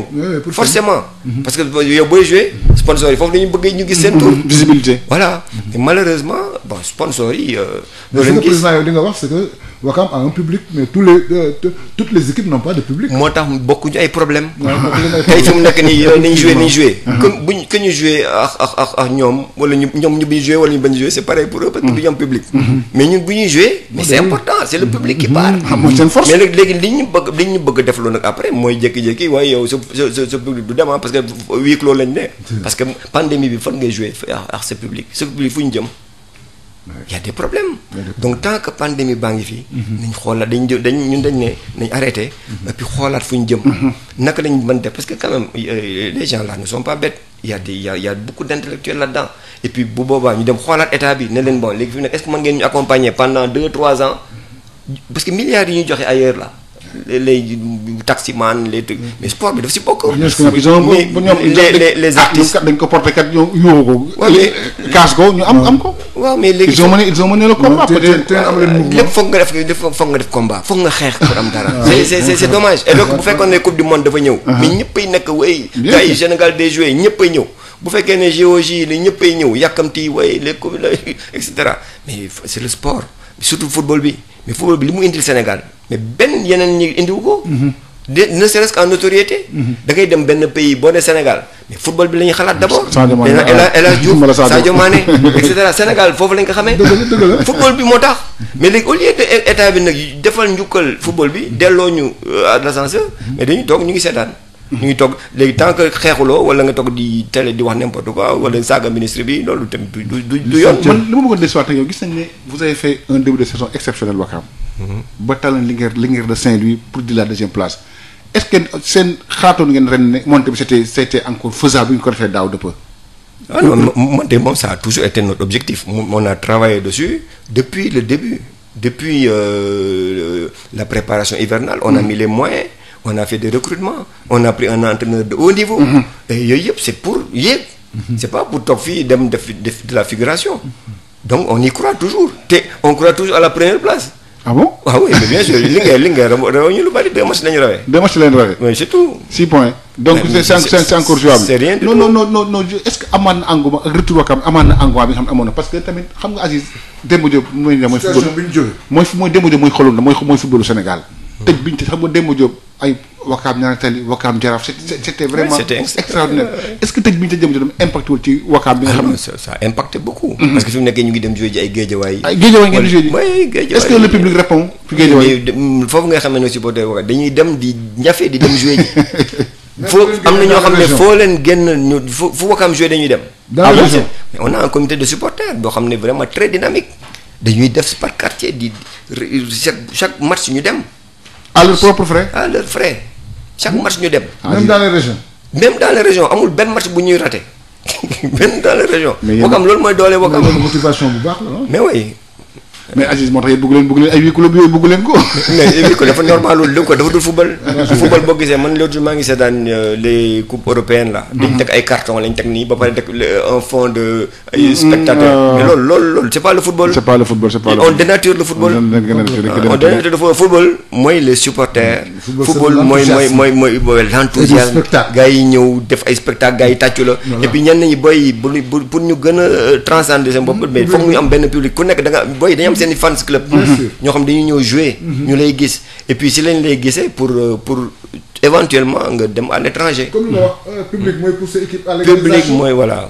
forcément. Mhm. parce que yow booy joué sponsor yi foofu dañuy bëgg ñu gis seen tour visibilité voilà. malheureusement bon sponsor yi. Euh, loolu lañ gis yow di wax c'est que. Wakam a un public mais tous les euh, toutes les équipes n'ont pas de public. moo tax bokkuñu ay problème tey fi mu nekk nii nañ joué nañ joué. Uh-huh. comme buñ que ñu joué ak ak ak ñoom wala ñu ñoom ñu buñ joué wala ñu bañ joué c'est pareil pour eux parce que du ñu am public. Uh-huh. mais c'est important c'est le uh-huh. public qui part. mais léegi léegi li ñu bëgg li ñu bëgg def loolu nag après mooy jékki-jékki waaye yow sa sa sa public du dem ah, parce que huis clos lañ ne. parce que pandémie bi fan y a des problèmes donc tant que pandémie baa ngi fii mhm. nañ xoolaat dañ jël dañ ñun dañ ne nañ arrêté mhm. et puis xoolaat fu ñu jëm mhm. naka lañ mën def parce que quand même euh, les gens là ne sont pas bêtes y a des y a y a beaucoup d'intellectuels là-dedans et bu boobaa ñu dem xoolaat état bi ne leen bon léegi fi nekk est-ce ngeen ñu accompagner pendant deux trois ans parce que milliards yi ñuy joxe ailleurs là les taximan les trucs mm. mais sport bi si bokk. les les ah, artistes dañ ko porté kat ñoom yóbbu ko. kaas ko ñu am am ko. waaw mais léegi ils ont mené ils ont am leen mouvement lépp foog nga def foog nga def combat foog nga xeex pour am dara. c'est c'est c'est dommage et donc bu fekkoon ne coupe du monde dafa ñëw. Uh-huh. mais ñëppay nekk way gars yi Sénégal des joueurs ñëppay ñëw. bu fekkee ne géologie la ñëppay ñëw yàkkamti way les communes et cetera mais c'est le sport surtout football bi. mais football bi li mu indil Sénégal mais benn yeneen ñi indiwu ko. Mhm. de ne serait-ce qu'en notoriété. Mhm. da ngay dem benn pays boo ne Sénégal mais football bi la ñuy xalaat d' abord. Sadio Mané El Hadj Sénégal foofu la ñu ko xamee. football bi moo tax. Mhm. mais léegi au lieu état bi nag defal njukkal football bi delloo ñu euh, à l'ascenseur mais dañuy toog ñu ngi seetaan. ñu ngi toog léegi tant que xeexuloo wala nga toog di télé di wax n'importe quoi wala saaga ministre bi loolu tamit du du du yoon. man li ma bëggoon décewaat ak yow gis nañ ne vous avez fait un début de saison exceptionnel Wakam. Mm-hmm. ba talan Linguère Linguère de Saint-Louis pour di la deuxième place est-ce que ngeen ren ne ah moom ça toujours été notre objectif on a travaillé dessus depuis le début depuis euh, la préparation hivernale on a mm-hmm. mis les on a fait des recrutements on a pris un entraîneur de haut niveau. Mhm. et yooyu yëpp c'est pour yéeg. Mhm. c'est pas pour toog fii dem def def de la figuration. donc on y croit toujours te on croit toujours à la première place. ah bon ah oui mais bien sûr Linguère Linguère raw ñu lu bari deux matchs lañu rawee. deux matchs lañu rawee. mais tout. six points. donc c'est c'est encore jouable. c'est rien du tout non non non non est-ce que amaan na engouement ak retour wakam amaan na tëj biñ tëj xam nga Demba Diop ay Wakaam ñaari tali Wakaam jaraaf c'était vraiment extraordinaire euh, est-ce que ah, mm-hmm. ñu ngi dem jouer ji ay géejawaay ay géejawaay ngeen di jouer ji est-ce que le public mm, xam ne ñoo si boo Wakaam dañuy dem di ñafe di dem jouer ji foo am na ñoo xam ne foo leen génn ñu fu fu Wakaam jouer dañuy dem ah mais on a un comité de supporters boo xam ne vraiment très dynamique dañuy def par quartier di chaque match ñu dem à leurs propres frais. à ah, leurs frais chaque ñu dem. même ah, dans les régions. même dans les régions amul benn match bu ñuy raté même dans les régions. mais yéen loolu mooy doole Wakaam. motivation bu baax la mais oui mais Aziz moo tax yéen bëgg leen bëgg leen yooyu bëgg leen ko. dafa normal loolu ko dafa dul football. football boo gisee man l'autre maa ngi seetaan euh, les coupes européennes là. dañ mhm. teg ay carton lañ teg nii ba pare teg un fond de. ay mm-hmm. spectateurs mais loolu loolu loolu c' est pas le football. football c' est pas football. on dénature le mooy les supporters. football mooy mooy mooy mooy l' enthousiasme. gars yi ñëw def ay spectacle gars yi tàccu la. et puis ñenn ñi booy yi pour ñu gën a transcender seen bopp mm-hmm. mais foog ñu am benn public ku seen i fans club. ñoo xam dañuy ñëw jouer. Mhm. ñu lay gis et puis si lañ lay gisee pour euh, pour éventuellement nga dem à l' étranger. comme euh, li mooy pousser équipe à voilà.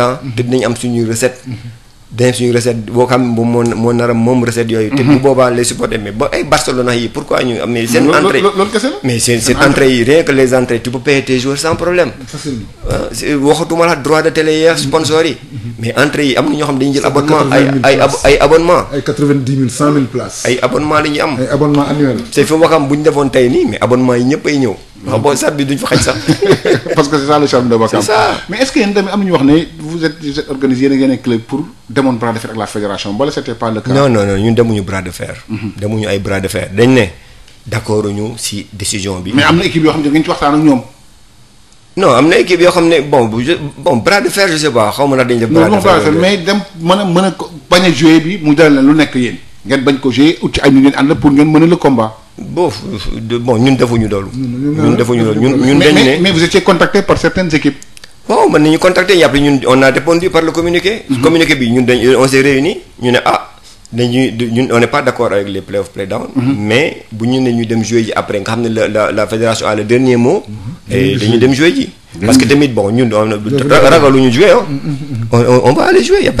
temps. Mhm. te dinañ am suñuy recette. Mhm. dinañ suñu recette boo xam moo moo nar moom recette yooyu. te bu mhm. boobaa les supporter mais ba ay Barcelona yi pourquoi ñu am. mais seen entrée mais seen entrée yi am na ñoo xam dañuy jël abonnement ay ay abonnement ay am. te fi waxam bu ñu defoon tey nii mais abonnement yi ñëpp ay ñëw. waaw booy sat bi duñ fa xaj sax. parce que c'est ça le charme de Ouakam. c'est mais est-ce que am ñu wax ne vous êtes vous êtes organisé yéen a ngeen club pour demoon bras de fer ak la fédération wala c'était pas le cas. non non mhm. bi. mais am na équipe yoo xam ne ngeen xam ne bon bu bon de fer je sais pas xaw ma na dañ def. bras de fer mais dem mën a mën a bañ a jouer bi mu dalal lu nekk yéen ngeen bañ ko jouer ut ci ay ñu ngeen ànd pour ngeen mën a le combat. bon bon ñun defuñu doolu ñun defuñu loolu ñun ñun dañu ne mais vous étiez contacté par certaines équipes. bon mën nañu contacter y' après ñun on a répondu par le communiqué. Mm-hmm. communiqué bi ñun dañ on s' est réunis ñu ne ah. ñu ñun on n'est pas d'accord avec les playoffs play down. Mm-hmm. mais bu ñu ne ñu dem jouer ji après nga xam ne la la la fédération à le dernier mot. Mm-hmm. et dañuy dem jouer ji. parce que tamit bon ñun on ragaluñu jouer ah. on on va aller jouer y a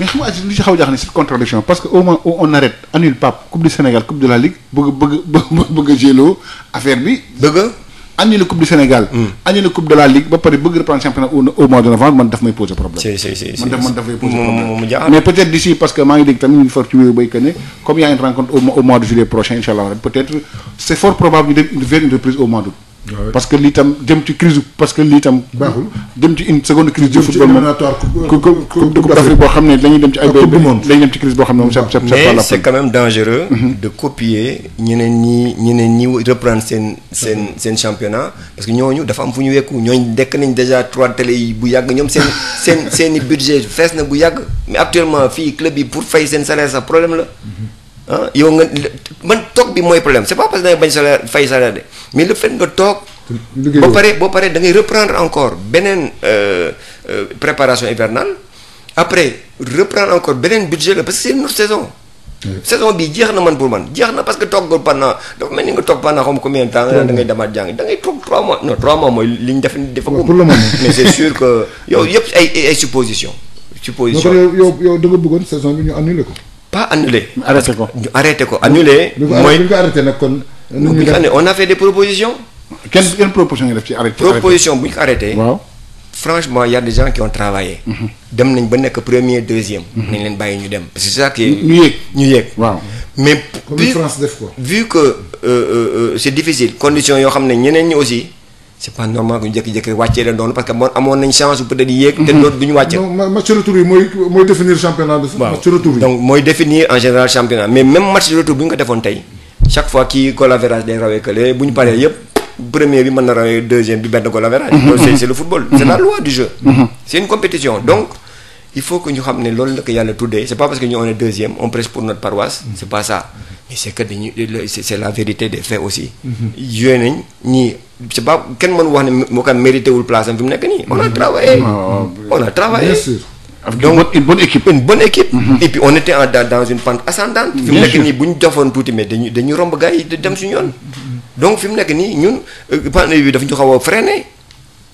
mais xam nga ci xaw a jaaxle c'est contradiction parce que au moment on arrête annule Pape coupe du Sénégal coupe de la Ligue bëgg bëgg bëgg a gélo affaire bi. dëgg annulé coupe du Sénégal. Hmm. annulé coupe de la Ligue ba pare bëgg reprendre championnat au mois de novembre man daf may poser problème. man daf may poser problème mais peut-être d'ici parce que maa ngi dégg tamit ñu fort ci wéyu béykat ne comme y a rencontre au mois de juillet prochain incha allah Ah parce que lii tam jëm ci crise parce que lii tam. baaxul jëm ci une seconde crise du football moom xam ne dañuy dem ci ay ah, coupe du monde dañuy dem ci crise ne mais c'est quand même dangereux mhm. de copier ñeneen ñi ñeneen ñi reprendre seen seen seen championnat parce que ñooñu dafa am fu ñu wekku ñooñu dekk nañ déjà trois télé yi bu yàgg ñoom seen seen seen i budget fees na bu yàgg mais actuellement fii club yi pour fay seen salaire sax problème la mhm. ah yow nga man toog bi mooy problème c'est pas parce que da bañ salaire fay salaire de mais le fait nga toog. ba pare boo paree da ngay reprendre encore beneen euh, euh, préparation hivernale après reprendre encore beneen budget la parce que c'est une autre saison. saison bi jeex na man pour man jeex na parce que toog pendant dafa mel ni nga toog pendant xam combien de temps da ngay demaat jàng da ngay toog mois non 3 mois mooy li ñu def dafa ko mais c'est sûr que yow yëpp ay ay supposition supposition yow yow da saison bi ñu annulé ko. pas annulé. arrêté ko ñu arrêté ko annulé. mooy bi ñu ko arrêté nag kon. ñu def ci arrêté. proposition bu ñu ko arrêté. franchement y a qui ont travaillé. Mhm. dem nañ ba nekk premier deuxième. Mhm. nañ leen bàyyi ñu dem parce que c'est ça que. Euh, euh, euh, yoo xam ne ñeneen ñi aussi. c'est pas normal que ñu jékki-jékki wàccee leen noonu parce que amoon nañ chance peut-être yéeg. te loolu mhm. du wàcce. match retour yi mooy mooy championnat de. waaw match mooy définir en général championnat mais même match retour bu ñu ko defoon tey chaque fois kii goal average rawee kële bu paree yëpp premier bi mën na rawee deuxième bi benn goal loolu mhm. c'est le football. c'est la mhm. loi du jeu. c'est une compétition donc. il faut que ñu xam ne loolu c'est pas kenn mënu wax ne moo kan mérité wul fi mu nekk nii. on a travaillé euh, on a travaillé. bien sûr donc une bonne équipe. une bonne équipe. Mm-hmm. et puis on était en dans mu nekk nii bu ñu jofoon tuuti mais dañuy romb gars yi dem suñu yoon. Mm-hmm. donc fi mu nekk nii ñun pandémie bi daf ñu xaw a freiné.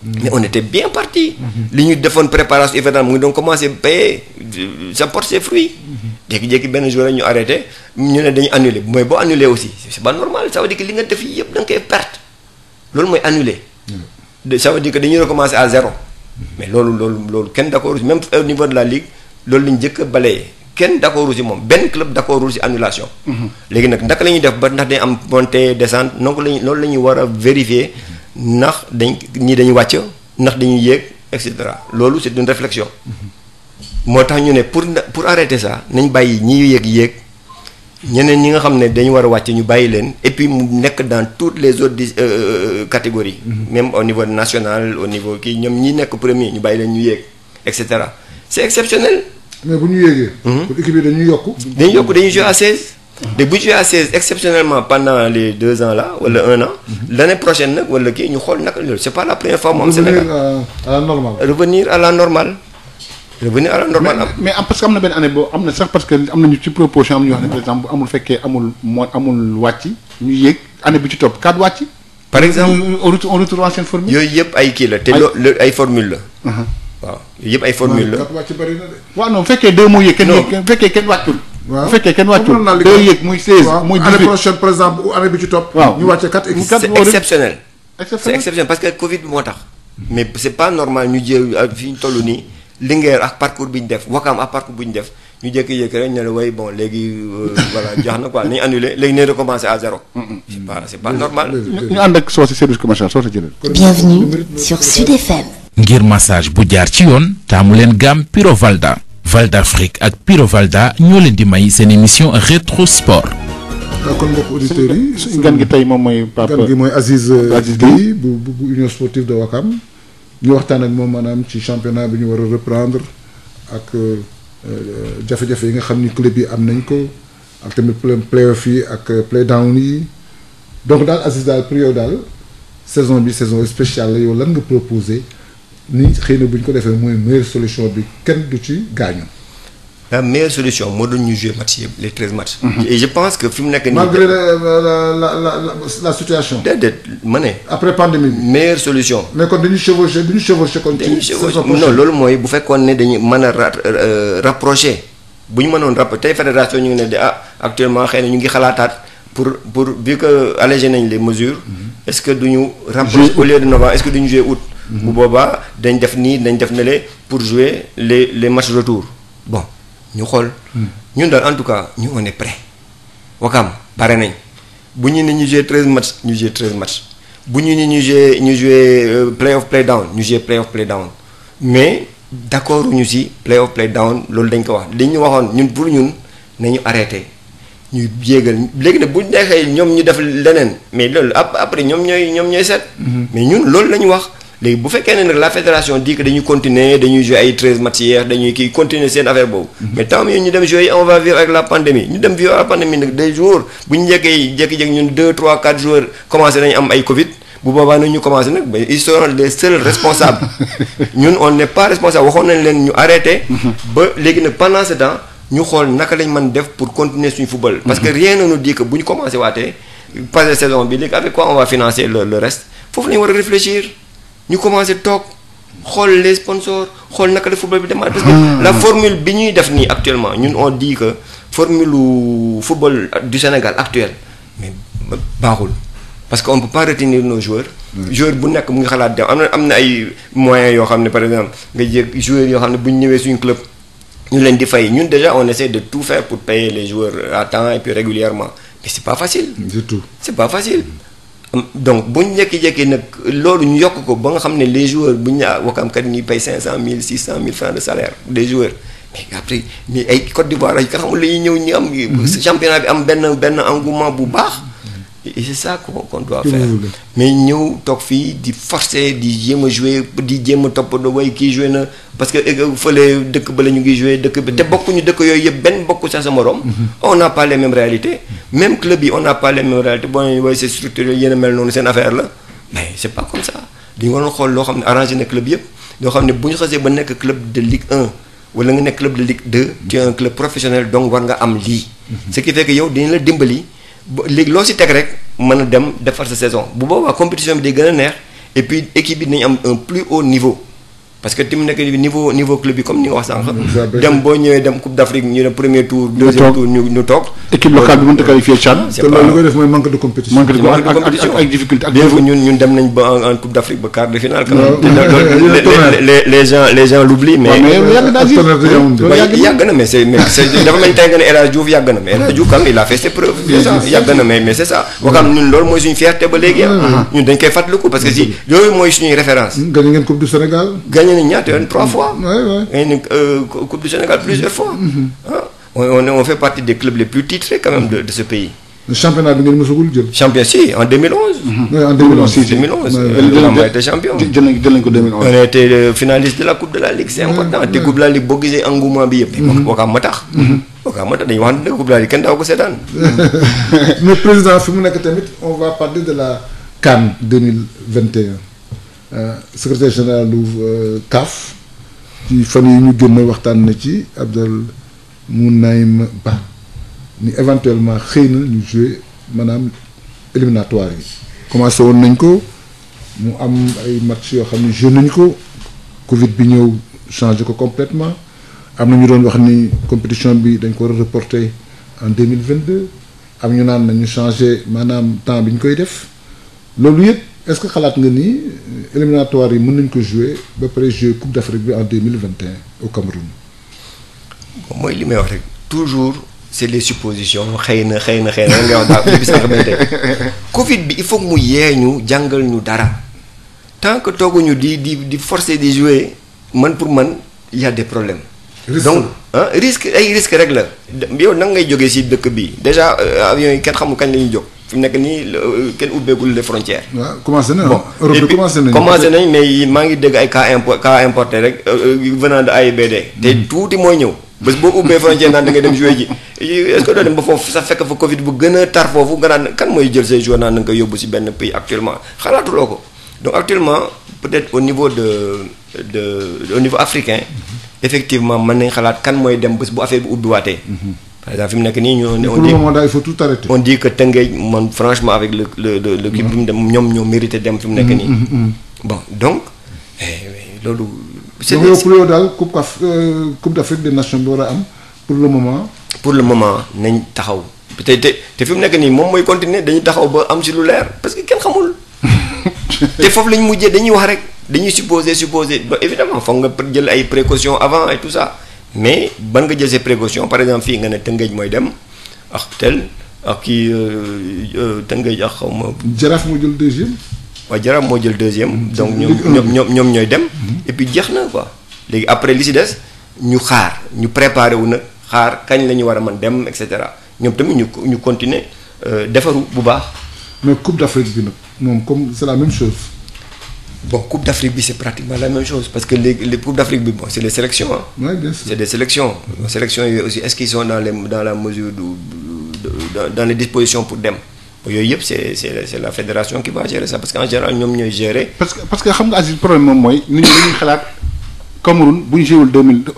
Mm-hmm. mais on était bien parti. li ñu defoon préparation hivernale mu ngi doon commencé paye ça euh, porte ses fruits. jékki-jékki benn jour ñu arrêté ñu ne dañu annulé mooy boo annulé aussi c'est pas normal ça veut que li nga def yëpp da nga koy perte. loolu mooy annulé. Hmm. ça veut dire que dañuy recommencer à zéro. Hmm. mais loolu loolu loolu kenn d'accord même au niveau de la ligue loolu lañ jëkk bale balayé kenn d'accord si moom benn club d'accord si annulation. Hmm. léegi nag ndaka la ñuy def ba ndax day am montée descente donc lañu loolu la ñuy war a vérifier ndax dañ ñii dañuy wàcc ndax dañuy yéeg et cetera loolu c'est une réflexion. moo tax ñu ne pour pour arrêter ça nañ bàyyi ñi yéeg yéeg. ñeneen ñi nga xam ne dañu war a wàcc ñu bàyyi leen et puis mu nekk dans toutes les autres euh, euh, catégories. Mm-hmm. même au niveau national au niveau kii ñoom ñi nekk premier ñu bàyyi leen ñu yéeg et cetera c' exceptionnel. bu ñu yéegee. Mm-hmm. pour yokk. dañu yokk dañuy jouer à 16. Ah. te bu ñu jouer à 16 exceptionnellement pendant les deux ans la wala un an. Mm-hmm. l' année prochaine nag wala kii ñu xool nag loolu c' est pas la première fois. mu am Sénégal revenir à la normale. revenu à la normale am parce que am na benn année boo am na sax parce que am na ñu ci proposition am ñu wax ne par exemple amul fekkee amul wàcc ñu yéeg année bi ci topp quatre wàcc. par exemple yooyu yëpp ay kii la te loo ay formule la. Uh-huh. waaw yooyu yëpp ay formule la. waaw non fekkee deux moo yéeg. kenn wàccul. waaw bu fekkee kenn wàccul deux yéeg muy seize. muy dix-huit par exemple année bi ci topp. waaw c'est exceptionnel. parce que Covid moo tax. mais Linguère ak parcours bi ñu def Wakam ak parcours bi ñu def ñu jékki-jékki rek ñu ne la way bon léegi euh, voilà jeex na quoi nañu annulé léegi ne recommencé à zéro. c'est pas c'est pas ak soo si service commercial soo si jëlee. bienvenue ngir massage bu jaar ci yoon taamu leen gaam Piro Valda Val d'Afrique ak Piro Valda ñoo leen di may seen émission rétro sport. Ah, kon mbokk auditeurs yi. gi tey moom mooy Pape mooy Aziz euh, Guèye bu bu Union ñu waxtaan ak moom maanaam ci championnat bi ñu war reprendre ak euh, euh, jafe-jafe yi nga xam ni club yi am nañ ko ak tamit playoff yi ak euh, play down yi donc daal Aziz daal pour daal saison bi saison spéciale la yow lan nga proposé ni xëy na buñ ko defee mooy meilleure solution bi kenn du ci gaañu. la solution moo doon ñu match yëpp les treize matchs. Mhm. et je pense que fi mu nekk nii. malgré la la la la situation. déedéet ma ne. après pandémie bi. solution. mais kon dañuy chevaucher du ñu chevaucher kon. ci loolu mooy bu fekkoon ne dañu man a euh, rapprocher bu ñu mënoon rapp tey fédération ñu ngi ne di ah actuellement xëy na ñu ngi xalaataat. pour pour vu que allégé nañ les mesure mhm. est-ce que du ñu. rapproché au lieu de novembre est que du ñu jouer août. Mhm. bu boobaa dañ def nii dañ def ne pour jouer les les matchs retour bon. ñu xool. Hmm. ñun daal en tout cas ñu on est prêt. Wakam pare nañ bu ñu ne ñu joué treize match ñu joué treize match bu ñu ne ñu joué ñu joué euh, play off play down ñu joué play off play down mais d' accord ñu si play off play down loolu dañ ko wax li ñu waxoon ñun pour ñun nañu arrêté ñu yéegal léegi nag bu neexee ñoom ñu def leneen mais loolu après ñoom ñooy ñoom ñooy set hmm. mais ñun loolu la ñu wax. léegi bu fekkee ne nag la fédération dit que dañuy continuer dañuy jouer ay treize matchs dañuy kii continuer seen affaire boobu. Mhm. mais tant mieux ñu dem jouer on va vivre avec la pandémie ñu dem vivre la pandémie nag deux jours bu ñu njëkkee jékki-jékki ñun deux trois quatre jours commencé nañu am ay Covid. bu boobaa nag ñu commencé nag ba ils seront les ñun on n'est pas responsable waxoon nañ leen ñu arrêté. Mhm. ba léegi nag pendant ce temps ñu xool naka lañ mën def pour continuer suñu football. parce que mhm. rien ne nous dit commencé waatee passé saison bi léegi avec quoi on va a réfléchir. ñu commencé toog xool les sponsors xool naka la football bi demaat. parce que hmm. la formule bi ñuy def nii actuellement ñun on dit que formule football du Sénégal actuel mais baaxul. parce que on peut pas retenir nos joueurs. Hmm. joueur bu nekk mu ngi xalaat dem am na am na ay moyens yoo xam ne par exemple nga jég joueurs yoo xam ne bu ñu ñëwee suñu club ñu leen di fay ñun déjà on essaie de tout faire pour payer les joueurs à temps et puis régulièrement mais c'est pas facile. du tout donc bu ñu jékki-jékki nag loolu ñu yokk ko ba nga xam ne les joueurs bu ñu naan ah, Wakam kat ñuy pay cent 600000 francs de salaire des joueurs mais après ay Côte d'Ivoire ay nga xamul la ñëw ñu am. Mm-hmm. championnat bi am benn benn engouement bu baax. et c'est ça qu'on doit faire mais ñëw toog fii di forcer di jéem a jouer di jéem a toppandoo way kii joué na parce que euh, fële dëkk ba la ñu ngi joué dëkk bi te mm-hmm. bokkuñu dëkk yooyu yëpp benn bokku sa sa morom mm-hmm. on n'a pas les mêmes réalités mm-hmm. club yi on n'a pas les mêmes réalités boo nee way c'est structuré yéen a mel noonu seen affaire la mais c'est pas comme ça dañu waroon xool loo xam ne arrangé na club yëpp loo xam ne bu xasee ba nekk club de Ligue 1 wala nga nekk club de Ligue nga am lii ce léegi loo si teg rek mën a dem defar sa saison bu boobaa compétition bi day gën a neex et puis équipe bi dinañ am un plus haut niveau. parce que tim nekk niveau niveau club yi comme ni nga wax sànq. Mm-hmm. dem boo ñëwee dem Coupe d' Afrique ñu ne premier tour. deuxième tour ñu ñu toog. équipe locale bi mënut a qualifier Tchad. Ah, c' est pas te loolu li koy def mooy manque de compétition. manque de compétition ak ak difficulté ak. ñun ñun dem nañ ba en Coupe d' Afrique ba quart de finale. waaw les les gens les gens l' oublient. mais yàgg naa si yàgg na mais c' est mais c' est dafa mel ni tey nga ne El Hadj Diouf yàgg na mais El Hadj Diouf quand il a fait ses preuves. yàgg na mais mais c' est ça. Wakaam ñun loolu mooy suñu fierté ba léegi ñun dañ koy fàttaliku parce que si loolu mooy suñuy référence. gagné ngeen Coupe du Sénégal nañu ñaata yoon trois mm-hmm. fois. oui oui euh, Coupe du Sénégal plusieurs fois. Mm-hmm. Ah. on on fait partie des clubs les plus titrés quand même de de ce pays. le championnat bi ngeen mosagul jël. champion si en 2011. Mm-hmm. oui en 2011 si si 2011. on a été champion. jël nañ jël nañ ko 2011. on a été finaliste de la coupe de la ligue c' est important te coupe de la ligue boo gisee engouement bi yëpp. Wakaam ma tax. Wakaam ma tax dañuy wax ne coupe de la ligue kenn daaw ko seetaan. mais président fi mu nekk tamit on va parler de la CAN 2021. Euh, secrétaire général lu kaf euh, ci fan yi ñu génn waxtaan na ci Abdel Mounaim Ba ni éventuellement xëy na ñu maanaam éliminatoire yi commencé woon nañ ko mu am ay match yoo xam ne joué nañ ko Covid bi ñëw changé ko complètement am na ñu doon wax ni compétition bi dañ ko war a reporter en mille vingt am ñu naan na ñu changé maanaam temps bi ñu koy def loolu yëpp. est-ce que xalaat nga ni euh, éliminatoire yi mën nañ ko jouer ba pare jouer coupe d'Afrique bi en deux mille vingt et un au Cameroun. mooy li may wax rek toujours c'est les suppositions xëy na xëy na xëy na nga wax daal bis xamante Covid bi i faut mu yee ñu jàngal ñu dara tant que tooguñu di di di forcer di jouer man pour man il y a des problèmes. Risque. donc ay risque rek la. yow nan ngay jógee si dëkk bi déjà euh, avion yi kenn xamul kañ la ñuy jóg. fi nekk nii euh, kenn ubbeegul les frontières. waaw commencé na bon Europe bi commencé commencé nañ mais maa ngi dégg ay cas impor cas importé rek euh, euh, venant de AIBD. te mm. tuuti mooy ñëw. bés boo ubbee frontière naan da ngay dem jouer ji est-ce que doo dem ba foofu sax fekk fa Covid bu gën a tar foofu nga naan kan mooy jël say joueurs naan da yóbbu si benn pays actuellement xalaatuloo ko donc actuellement peut-être au niveau de de au niveau africain mm-hmm. effectivement mën nañ xalaat kan mooy dem bés bu affaire bu ubbiwaatee. Mm-hmm. par exemple nekk nii ñoo on dit moment il faut tout arrêter. on dit que Tëngéej man franchement avec le le kii bi mu dem ñoom ñoo mérité dem fi mu nekk mm, nii. Mm, mm. bon donc eh, loolu. c' est donc daal coupe caf euh, coupe d' Afrique des nations bi war a am pour le moment. pour le moment nañ taxaw te te te fi mu nekk nii moom mooy continuer dañuy taxaw ba am si lu leer parce que kenn xamul. te foofu lañ mujjee dañuy wax rek dañuy supposer supposer ba évidemment foog nga jël ay précautions avant et tout ça. mais ban nga jël ses précautions par exemple fii nga ne Tëngéej mooy dem ak tel ak kii euh, euh, Tëngéej ak xaw ma. jaraaf moo jël deuxième. waaw jaraaf moo jël deuxième. donc ñoom ñoom ñoom ñooy dem. Mm-hmm. et jeex na ko léegi après li si des ñu xaar ñu préparé wu nag xaar kañ la ñu war a mën dem et cetera ñoom tamit ñu ñu continuer euh, defaru bu baax. mais Coupe d'Afrique bi nag moom comme c'est la même chose. bon coupe d' Afrique bi c' pratiquement la même chose parce que léegi les coupe bi bon c' est des sélections ah. oui bien sûr c' est est qu' ils sont dans les dans la mesure du dans dem. yooyu yëpp c'est c'est c'est la fédération qui va gérer ça parce que en général ñoom ñooy gérer. parce que parce que xam nga Aziz problème moom mooy nit ñi dañuy xalaat Cameroun bu ñu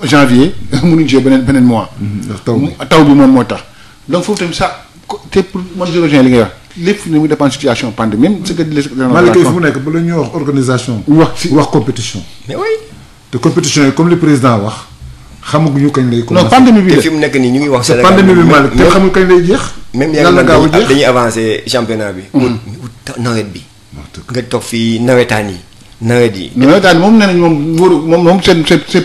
janvier mënuñ jéem beneen beneen mois. Mm-hmm. taw bi taw moom moo tax. donc foofu sa ça te pour man je rejoins li ngay wax lépp lu mu dépend situation pandémie même. ce que les. nekk bu la wax organisation. yi comme le président wax xamaguñu kañ lay. commencé non pandémie bi te fi mu nekk nii ñu ngi wax. Sénégal pandémie bi Malick te xamul dañuy avancé championnat bi. Hmm. nawet bi. nga toog fii nawetaan yi nawet yi. nawetaan yi moom nee moom moom moom seen seen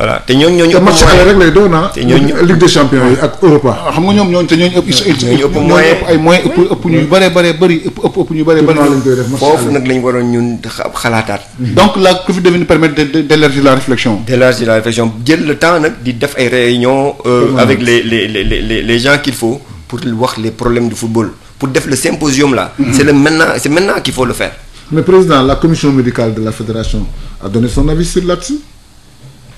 voilà te ñooñu ñooñ ëpp moyen rek lay doon ah, te ñooñu ligue des champions yi ak Europa. Ah, xam nga ñoom ñooñu te ñooñu ëpp. ñooñu ëpp moyen ay moyen ëpp ëpp ñu bëree bëree bëri foofu nag lañ waroon ñun xalaataat. Hmm. donc la Covid devait nous permettre d'élargir la réflexion. d'élargir la réflexion jël le temps nag di def ay réunions. Euh, avec les les les gens qu'il faut pour wax les problèmes du football pour def le symposium là. Hmm. c'est le maintenant c'est maintenant qu'il faut le faire. mais président la commission médicale de la fédération a donné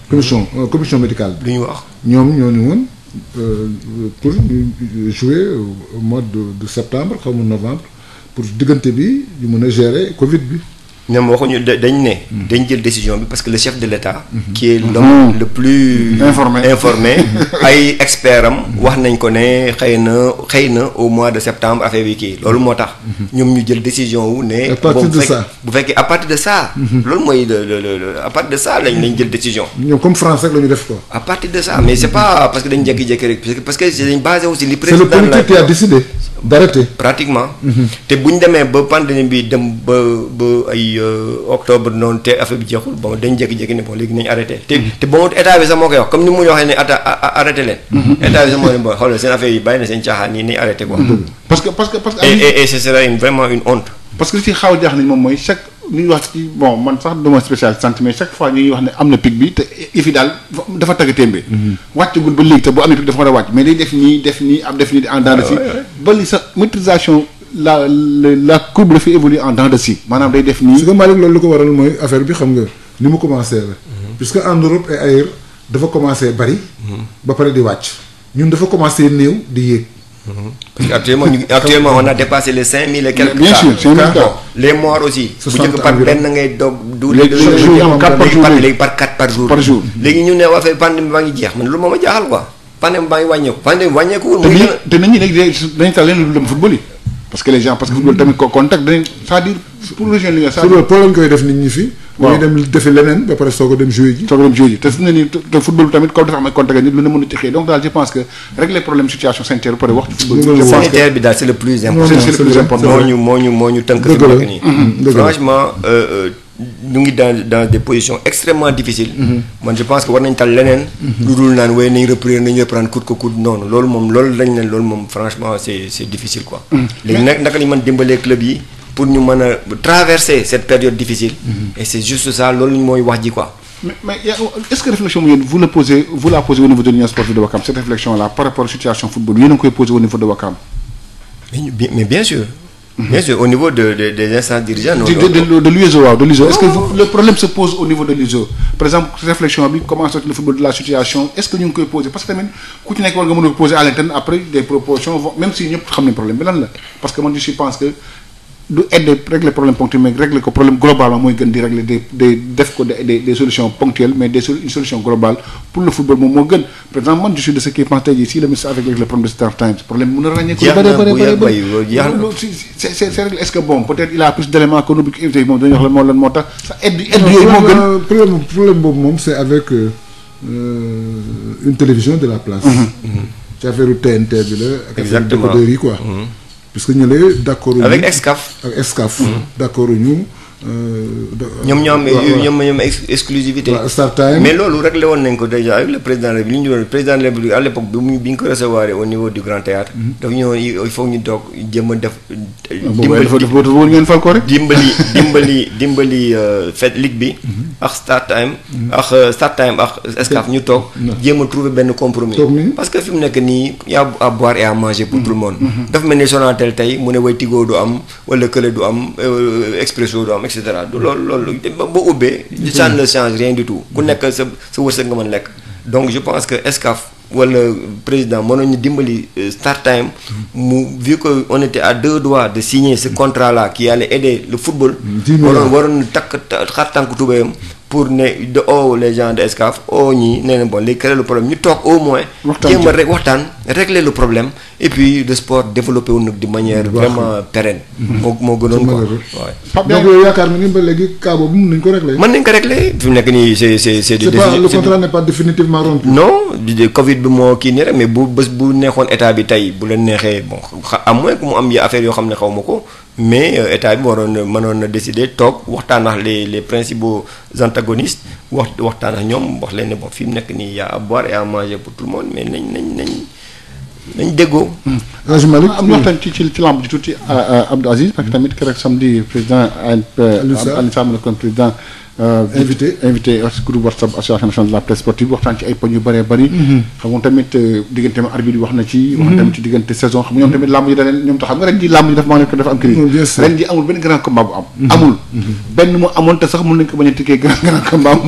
commission euh, commission médical bi. li ñu wax ñoom ñoo ni woon euh, pour ñu au mois de septembre xaw ma novembre pour diggante bi ñu mën a gérer Covid bi. ñoom waxuñu dañ ne. dañ jël décision bi parce que le chef de l' état. Mhm. qui est mhm. Mhm. le plus. informé ay experts wax nañ ko ne xëy na xëy na au mois de septembre affaire bi kii loolu moo tax. ñoom ñu jël décision wu ne. à partir de ça bu fekkee à partir de ça. loolu mooy le le à partir jël décision. ñoom comme France rek la def ko. à partir de ça mais c' pas parce que dañ jékki-jékki rek parce que dañ basé aussi li président la. a décidé demee ba pandémie bi dem ba Euh, octobre noonu te affaire bi jeexul bon dañ jékki-jékki ne bon léegi nañ arrêté te te bon état bi sax moo koy wax comme ni mu waxee ne ata arrêté leen mhm. état bi sax moo ne bon xoolal moom mooy chaque li wax ci bon man sax duma spécial sant chaque fois ñu wax ne am na pic bi te if daal dafa tagg témbee mhm. wàccagul ba léegi te bu am na pic dafa war a wàcc mais day def nii def nii ab def nii en daan si ba li sa maîtrisation la la courbe dafay évoluer en dents de maanaam day def nii. su ko Malick loolu lu ko waral mooy affaire bi xam nga ni mu commencé mhm. mhm. ba pare di wàcc. ñun dafa commencé néew di yéeg. Mhm. parce que actuellement ñu actuellement on a dépassé les par benn par quatre léegi ñu ne waa fay baa ngi jeex man lu moom a jaaxal quoi. pandémie baa ngi wàññeeku. pandémie wàññeeku wul. muy te nit ñi tax leen lu dem football yi. parce que les gens parce que football tamit contact dañ cest à pour rejoindre li pour lañ koy def nit ñi fi. waaw dem defi leneen ba pare soog dem jouer ji. soog a dem jouer ji te su ne nii te football tamit comme dafa am contact nit lu ne mën a donc daal je pense que régler problème situation sanitaire ba pare wax ci football. sanitaire bi daal c'est le plus important. moo ñu moo ñu moo ñu tënk. dëgg ñu ngi dans dans des extrêmement difficiles. Mm-hmm. man je pense que war nañ tal leneen. Mm-hmm. lu dul naan waaye nañ reprendre nañ reprendre coûte que coûte noonu loolu moom loolu lañ leen loolu moom franchement c'est difficile quoi. Mm-hmm. léegi nag naka lañ mën dimbalee club yi pour ñu mën a traverser cette période difficile. et c'est juste ça loolu mooy wax ji quoi. mais mais est-ce que réflexion bi yéen vous la vous la posez au niveau de l'Union sportive de Ouakam cette bien sûr au niveau de, des instances dirigeantes. de de de l'USO waaw de l'USO est-ce que le problème se pose au niveau de l'USO par exemple réflexion bi comment sortir le football de la situation est-ce que ñu koy poser parce que tamit ku ci nekk war nga mën a à l'interne après des propositions vont même si ñëpp xam ne problème bi lan la parce que man je pense que du aider régler problème ponctuel mais régler ko problème globalement mooy gën di régler des des def ko des des solutions ponctuelles mais des solution globale pour le football moom moo gën par man je de ceux qui pensent de Star Times problème mun a ràññee ko bëree bëree bëri c'est c'est réglé est-ce que bon peut-être il a plus d'éléments que moom dañuy wax moo tax aide aide moo gën problème boobu moom c'est avec euh, euh, une télévision de la place mm-hmm. Mm-hmm. ci affaire TNT puisque ñu ne d'accord. avec Excaf. ak Excaf. Mhm. d'accord ñu. Euh, ñoom ñoo am ñoom ñoom exclusivité mais loolu rek la woon nañ ko déjà avec le président li ñu doon président de la République à l'époque bi mu bi ñu ko recevoir au niveau du Grand Théâtre mm-hmm. dafa ñëwoon il ñu toog jëm a def ah, dimbali ngeen fal ko rek dimbali dimbali dimbali euh, fête ligue bi mm-hmm. ak start time mm-hmm. ak euh, start time ak escaf ñu toog jéem a trouver benn compromis parce que fi mu nekk nii y'a à boire et à manger pour tout monde dafa mel ni Sonatel tey mu ne way Tigo du am wala Kële du am Expresso du cetera du loolu loolu boo ubbee. ça ne change rien du tout. ku nekk sa sa wërsëg nga mën lekk. donc je pense que Escaf wala président mënoon ñu dimbali euh, start time mu vu que à deux doigts de signer ce contrat la qui yàlla aider le football. waroon waroon takk xar tànk tubéyam pour ne de oh les gens de Excaf oh ñii nee bon léegi créer le problème ñu toog au moins. jéem a rek waxtaan régler le problème et puis le sport développé wu nag de manière. vraiment pérenne. Mhm. moo moo gënoon quoi waaw. donc euh, yaakaar nga ni ba léegi cas boobu mën nañu ko régler. mën nañu ko régler fi mu nekk nii c' est c' est. c' est pas le contrat n' est pas définitivement rompu. non di Covid bi moo kii nii rek mais bu bés bu neexoon état bi tey bu leen neexee bon xa à mu am ya affaire yoo xam ne xaw ma ko. mais euh, état bi waroon na mënoon na décider toog waxtaan ak les les principaux antagonistes wax waxtaan ak ñoom wax leen ne bon fi mu nekk nii y a boire et manger pour tout le monde mais nañ nañ nañ déggoo. rajo hmm. am na waxtaan ci ci ci lamb ji tuuti euh, euh, Abdou Aziz. parce que tamit keroog samedi président ANP. Alioune Sarr Alioune Sarr président. Euh, invité invité groupe WhatsApp association nationale de la presse sportive waxtaan ci ay poñ yu bëree bëri mm-hmm. xam nga tamit euh, diggante ma arbitre bi wax na ci mm-hmm. wax na tamit ci diggante saison xam nga ñoom tamit mm-hmm. làmb ji dafa maa nekk dafa am crise oh, ren ji amul benn grand combat bu am amul benn mu amoon te a tikkee grand grand combat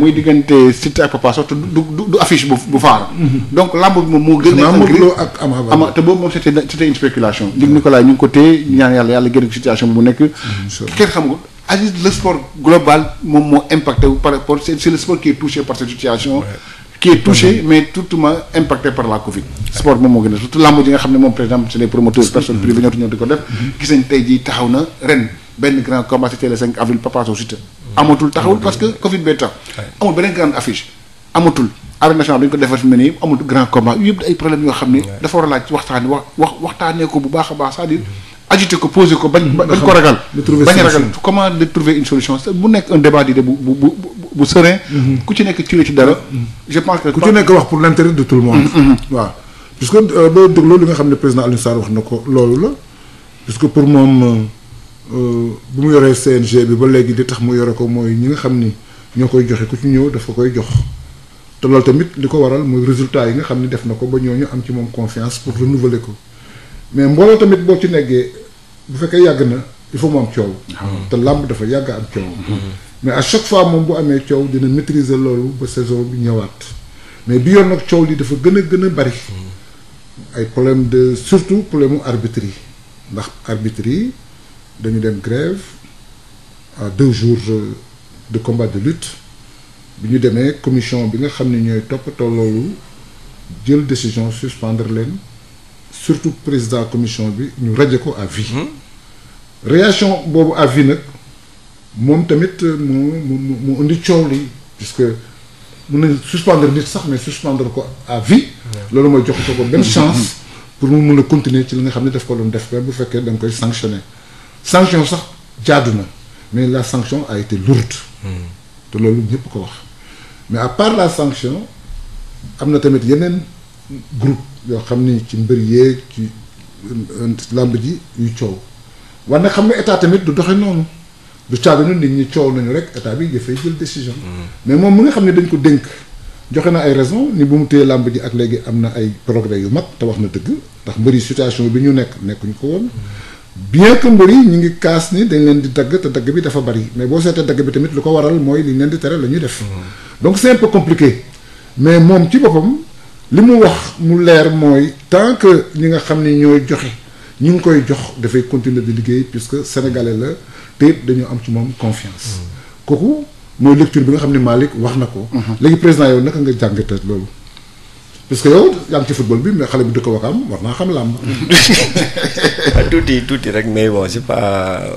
muy te du du affiche bu bu faar donc làmb bi moom moo gën a ama te boobu moom c'était c'était une spéculation dig Nicolas ñu ngi ko téye ñaan yàlla yàlla génn situation bu nekk kenn xam nga Aziz le sport global moom moo impacté wu par rapport c'est c'est le sport qui est touché par cette situation. Ouais. qui est touché mais totalement impacté par la Covid. sport moom moo gën a surtout lamb ji nga xam ne moom par exemple c'est les promoteurs personnes privées ñoo ñoo di ko def. Mm-hmm. gis nañ tey jii taxaw na ren benn grand combat c'était le 5 avril Papa Sow Siteu. amatul taxawul parce que Covid bee tax. amul beneen grande affiche amatul. yëpp dafa war a laaj waxtaanee ko baax a baax agité ko posé ko bañ. bañ ko ragal bañ ragal comment de trouver bu nekk un débat d'idées bu bu bu bu serein. Mm-hmm. ku ci nekk ci ci dara. Mm-hmm. je pense que ku ci nekk wax pour l'intérêt de tout le monde. Mm-hmm. waaw puisque euh, boo dégloo li nga xam ne président Alioune Sarr wax na ko loolu la que pour moom euh, bu mu yoree CNG bi ba léegi di tax mu yore ko mooy ñi nga xam ni ñoo koy joxe ku ci ñëw dafa koy jox. te loolu tamit li ko waral muy résultat yi nga xam ni def na ko ba ñooñu am ci moom confiance pour renouveler ko. mais mbooloo tamit boo ci neggee bu fekkee yàgg na il faut moom am coow. Ah. te làmb dafa yàgg am coow. Mm-hmm. mais à chaque fois moom bu amee coow dina maîtriser loolu ba saison bi ñëwaat mais bi yoon nag coow lii dafa gën a gën a bari. Mm-hmm. ay problème de surtout problème mu arbitre ndax arbitre yi dañu dem grève à deux jours de combat de lutte bi ñu demee commission bi nga xam ne ñooy toppatoo loolu jël décision suspendre leen. surtout président commission bi ñu raje ko à vie. réaction boobu à vie nag moom tamit mu mu mu indi coow li que mun nañ suspendre nit sax mais suspendre ko à vie. loolu ma jox ko benn chance. pour mu mun a continuer ci li nga xam ne daf ko doon def ba bu fekkee da koy sanctionner sanction sax jaadu na mais la sanction a été lourde. te loolu ñëpp ko wax mais à part la sanction am na tamit yeneen groupe. yoo xam ni ci mbër yee ci euh, làmb ji yu coow war na xam nga état tamit du doxe noonu du caaganu nit ñi coow nañu rek état bi dafay jël décision. Mm. mais moom mu nga xam ne dañ ko dénk joxe na ay raison ni bu mu téye làmb ji ak léegi am na ay progrès yu mag te wax na dëgg ndax mbëri situation bi ñu nekk nekkuñ ko woon. bien que mbëri ñu ngi kaas ni dañ leen di dagg te dagg bi dafa bari mais boo seetee dagg bi tamit lu ko waral mooy li ñu leen di tere la ñuy def. Mm. donc c'est un mais moom ci boppam. li mu wax mu leer mooy tant que ñi nga xam ni ñooy joxe ñu ngi koy jox dafay continuer di liggéey puisque sénégalais la te it am ci moom confiance. Mm. kooku mooy lecture bi nga xam ni Malick wax na ko. Mm-hmm. léegi président yow naka nga jàngatee loolu. parce que yow ci football bi mais xale bi dëkk am war naa xam làmb. Ah, tuuti tuuti rek mais bon c'est pas euh,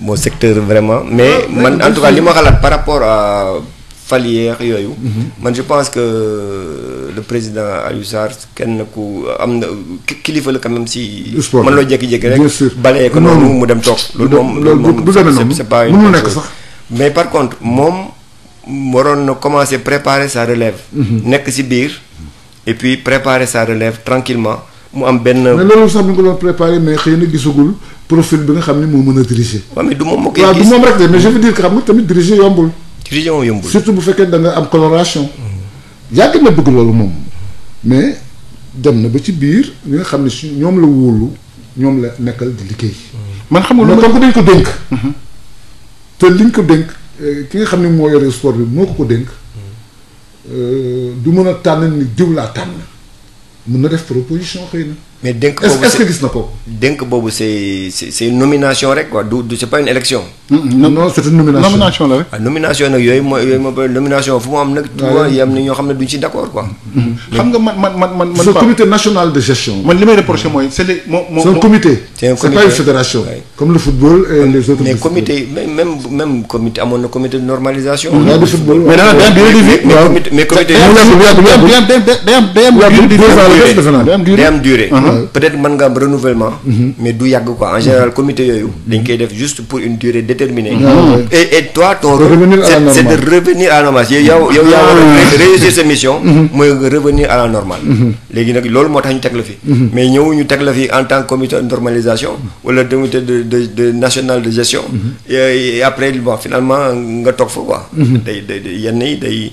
mon secteur vraiment. mais ah, man en tout cas li ma xalaat par rapport à. falière yooyu. Mhm. man je pense que euh, le président Aliou Sarr kenn ku am na kilifa la quand même si. sport man loo jékki-jékki rek. balee ko mu dem toog. loolu moom loolu moom c'est pas une nekk sax. mais par contre moom waroon na commencer préparer sa relève. Mhm. nekk si biir et puis préparer sa relève tranquillement mu am benn. mais loolu sax ñu ko doon préparer mais xëy na gisagul profil bi nga xam ne moo mën a diriger. mais du moom moo koy gis moom rek de mais je veux ci région yombul surtout bu fekkee danga am coloration. yàgg na bëgg loolu moom. mais dem na ba ci biir li xam ne su ñoom la wóolu ñoom la nekkal di liggéey. man xam nga lu ma dañ ko dénk. te liñ ko dénk euh, ki nga xam ne moo yore sport bi moo ko ko dénk. Euh, du mën a tànn ni diw laa tànn. mun na def proposition xëy na. mais dénk boobu est-ce que gis na ko. dénk boobu c'est c'est nomination rek quoi du c'est pas une élection. nomination nomination la rek. nomination nag yooyu mooy yooyu mooy nomination fu mu am nag. waaw yam na ñoo xam ne duñ ci d'accord quoi. xam nga man man man man. c'est le comité national li may reprocher moo moo. c'est un comité. c'est un comité c'est une comité même même comité amoon na comité de normalisation. mais dana day am durée Mm-hmm. peut-être mën nga am renouvellement. Mm-hmm. mais du yàgg quoi en mm-hmm. général comité yooyu. dañ koy def juste pour une durée déterminée. Ah, et et ton rôle. c'est de revenir à la normale yow ah, a revenir à la léegi nag loolu moo tax ñu teg la fi. mais ñëw teg la fi en tant que comité normalisation. wala de de de de gestion. et après bon finalement nga toog fa quoi. day day yenn yi day.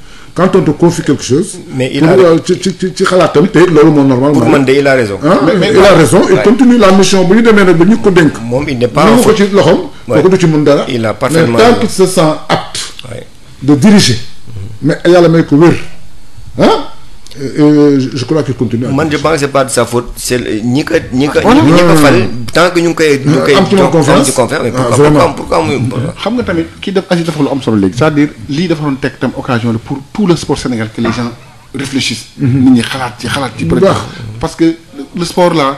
quand on te confie quelque chose. mais il a ci ci ci xalaatam te loolu moo normal. pour man de il a raison. Ah, mais il a continue la mission bu ñu demee nag ba ñu ko dénk. moom il n'est pas en faute ko ci loxom. waaw ko du ci mën dara. il a parfaitement mais tant qu'il sent apte. de diriger. Mm-hmm. mais yàlla may ko wér Euh, euh, je crois man je pense que c'est de sa faute c'est ñi ko ñi ko. ñi ko fal tant que ñu ngi koy. ñu ngi koy euh, am ci confiance am ah, pourquoi mm-hmm. xam nga tamit kii def Aziz dafa lu am solo léegi. cest dire lii dafa doon teg tam occasion la pour tout le sport sénégal que les gens réfléchissent. Mm-hmm. nit ñi xalaat ci xalaat ci. Mm-hmm. parce que le sport là.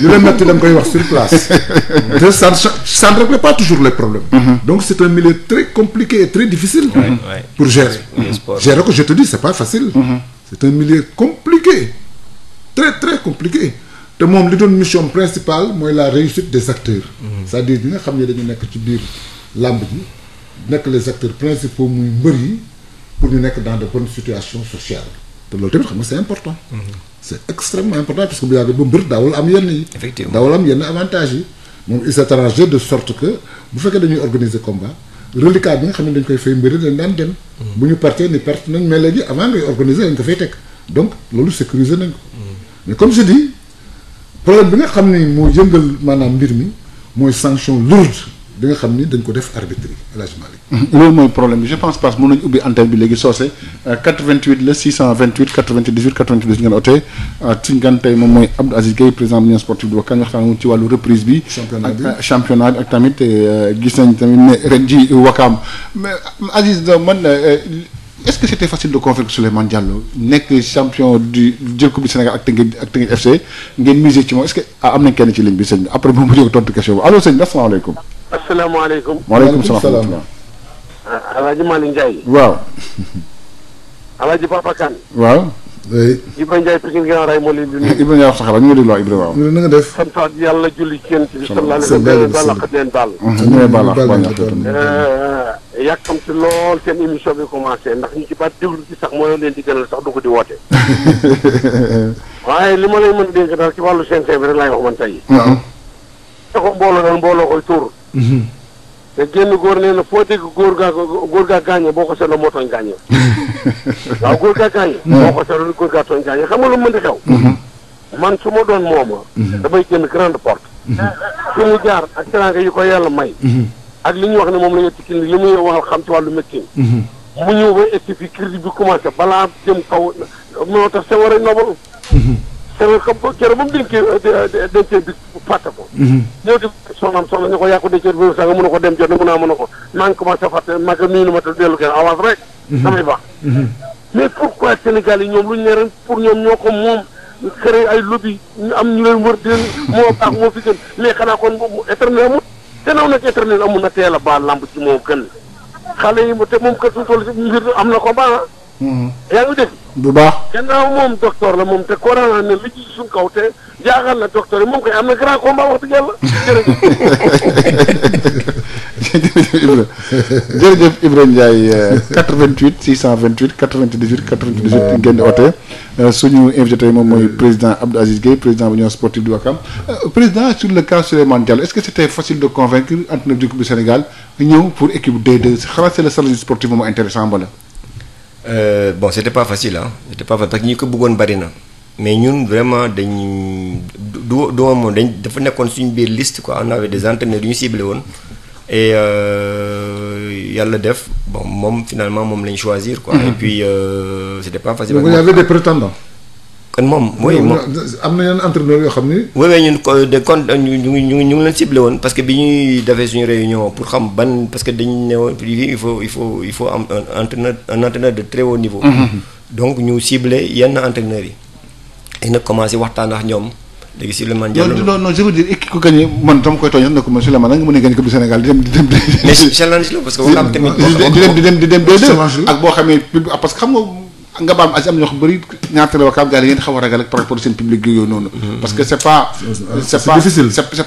li la metti la nga koy wax sur place te ça ça ne règle pas toujours les problèmes mm-hmm. donc c'est un milieu très compliqué très difficile pour gérer gérer ko je te dis c'est pas facile mm-hmm. c'est un milieu compliqué très très compliqué te moom li doon mission principale mooy la réussite des acteurs mm-hmm. c'est-à-dire ñi nga xam ne dañu nekk ci biir làmb ji nekk les acteurs principaux muy mbër yi pour ñu nekk dans de bonnes situation sociales te loolu tamit xam nga c'est important c'est extrêmement important parce que bu yàggee ba mbër daawul am yenn yi. effectivement daawul am yenn avantage yi moom il s'est arrangé de sorte que bu fekkee dañuy organiser combat reliquat bi nga xam ne dañ koy fay mbëri dañ daan dem. Hmm. bu ñu partee ni perte nañ mais léegi avant ngay organiser dañ ko fay teg donc loolu sécuriser nañ ko. Hmm. mais comme je di problème bi nga xam ni moo yëngal maanaam mbir mi mooy sanction lourde. bi nga xam ni dañ ko def arbitre mm-hmm. loolu mooy problème bi je pense parce que mën nañu ubbi antenne bi léegi soose 88 euh, la 628 98 92 ngeen ootee euh, suñu gan tey moom mooy Abdou Aziz Gueye président union sportive du Wakam waxtaan moom ci wàllu reprise bi. ak euh, championnat bi ak tamit gis nañ tamit ne ren ji Wakam mais Aziz man. est-ce que c'était facile de convaincre Souleymane Diallo nekk champion du jël coupe du Sénégal ak Teungueth ak Teungueth FC ngeen misé ci moom est ah am nañ kenn ci ligne bi sëñ bi après moom mu jóg tontu question bi allo sëñ bi asalaamaaleykum. asalaamaaleykum. maaleykum salaam ah, El Hadj waaw. El Hadj waaw. Ibrahima Ndiaye Pikine Gueye Ray moo leen di nuyu. Ibrahima Ndiaye wax saxara loo Ibrahima. ñu ngi def sant yàlla julli ci yéen bi sallallahu alayhi wa sallam leen baal ñu baal eh, eh, lool seen émission bi commencé ndax ñu ci baat déglu ci sax moo leen di gënal sax du ko di woote. waaye li ma lay mën a dénk daal ci wàllu CNG bi rek laay wax man tey. waaw. ko mbooloo daal mbooloo koy tuur. Mhm. te génn góor nee na foo dégg góor gaa góor gaa gaañe boo ko la moo tooñ gaañe waaw góor gaa gaañe hmm. boo ko seetloo góor gaa tooñ gaañe xam nga lu mën di xew hmm. man su ma doon mooma hmm. damay génn grande porte fi mu jaar ak teraanga yi ko yàlla may ak li ñu wax ne moom la ñu tikkin li muy waxal xam ci wàllu médecine mu ñëw ba egsi fi crise bi commencé balaa jëm kaw moo tax sa war a nobal keneen xam ko keneen ba mu dénkee dencee bi fàtte ko. Mhm. ñëw di soxnaam soxna ñu ko yaa ko dencee bi sax nga mën a ko dem jot na mën a mën a ko maa ngi commencé fàtte mhm. mhm. ay lobby am ñu leen wër di moo baax moo fi gën mais xanaa kon éternel amul te naw nag éternel amul na teel a baal ci moom kenn xale yi te moom kat suñu toll si mbir am na ko baax Mm-hmm. yaa ngi dégg. bu baax gannaaw moom docteur la moom te corona ne li ci suñ kaw te jaaxal na docteur yi moom koy am na grand combat wax dëgg yàlla jërëjëf Ibra jërëjëf Ibra Ndiaye 88 628 98 98 ngeen di oote euh, suñu invité tey moom mooy président Abdou Aziz Guèye président bu sportif du Wakam euh, président sur le cas Souleymane Diallo est-ce que c'était facile de convaincre entraîneur du Sénégal ñëw pour équipe D2 Euh, bon c'était pas facile ah c'était pas facile parce que ñi ko bëggoon bari na mais ñun vraiment dañu du du moom dañ dafa nekkoon suñu biir liste quoi on avait des entraîneurs du ñu ciblé woon et euh, yàlla def bon moom finalement moom lañ choisir ko mhm. et puis euh, pas facile. vous avez des prétendants. kon moom. mooy moom am na yeneen entraîneur yoo xam ni. oui ñun de kon ñu ngi ñu ngi ñu ngi leen ciblé woon parce que bi ñuy defee suñu réunion pour xam ban parce que dañu ne woon il de très haut niveau. donc ñu ciblé yenn entraîneurs yi. ay nag commencé waxtaan ak ñoom. léegi Souleymane Diallo non non je veux dire équipe ko gagné man dama koy tooñal ne ko man Souleymane nga mën a gagné coupe du Sénégal di dem di dem. mais challenge di dem di dem di dem ak boo nga baam as am ñoo xam bëri ñaata la wakaam gars yi ngeen xaw a ragal ak par rapport seen public mm-hmm. parce que c'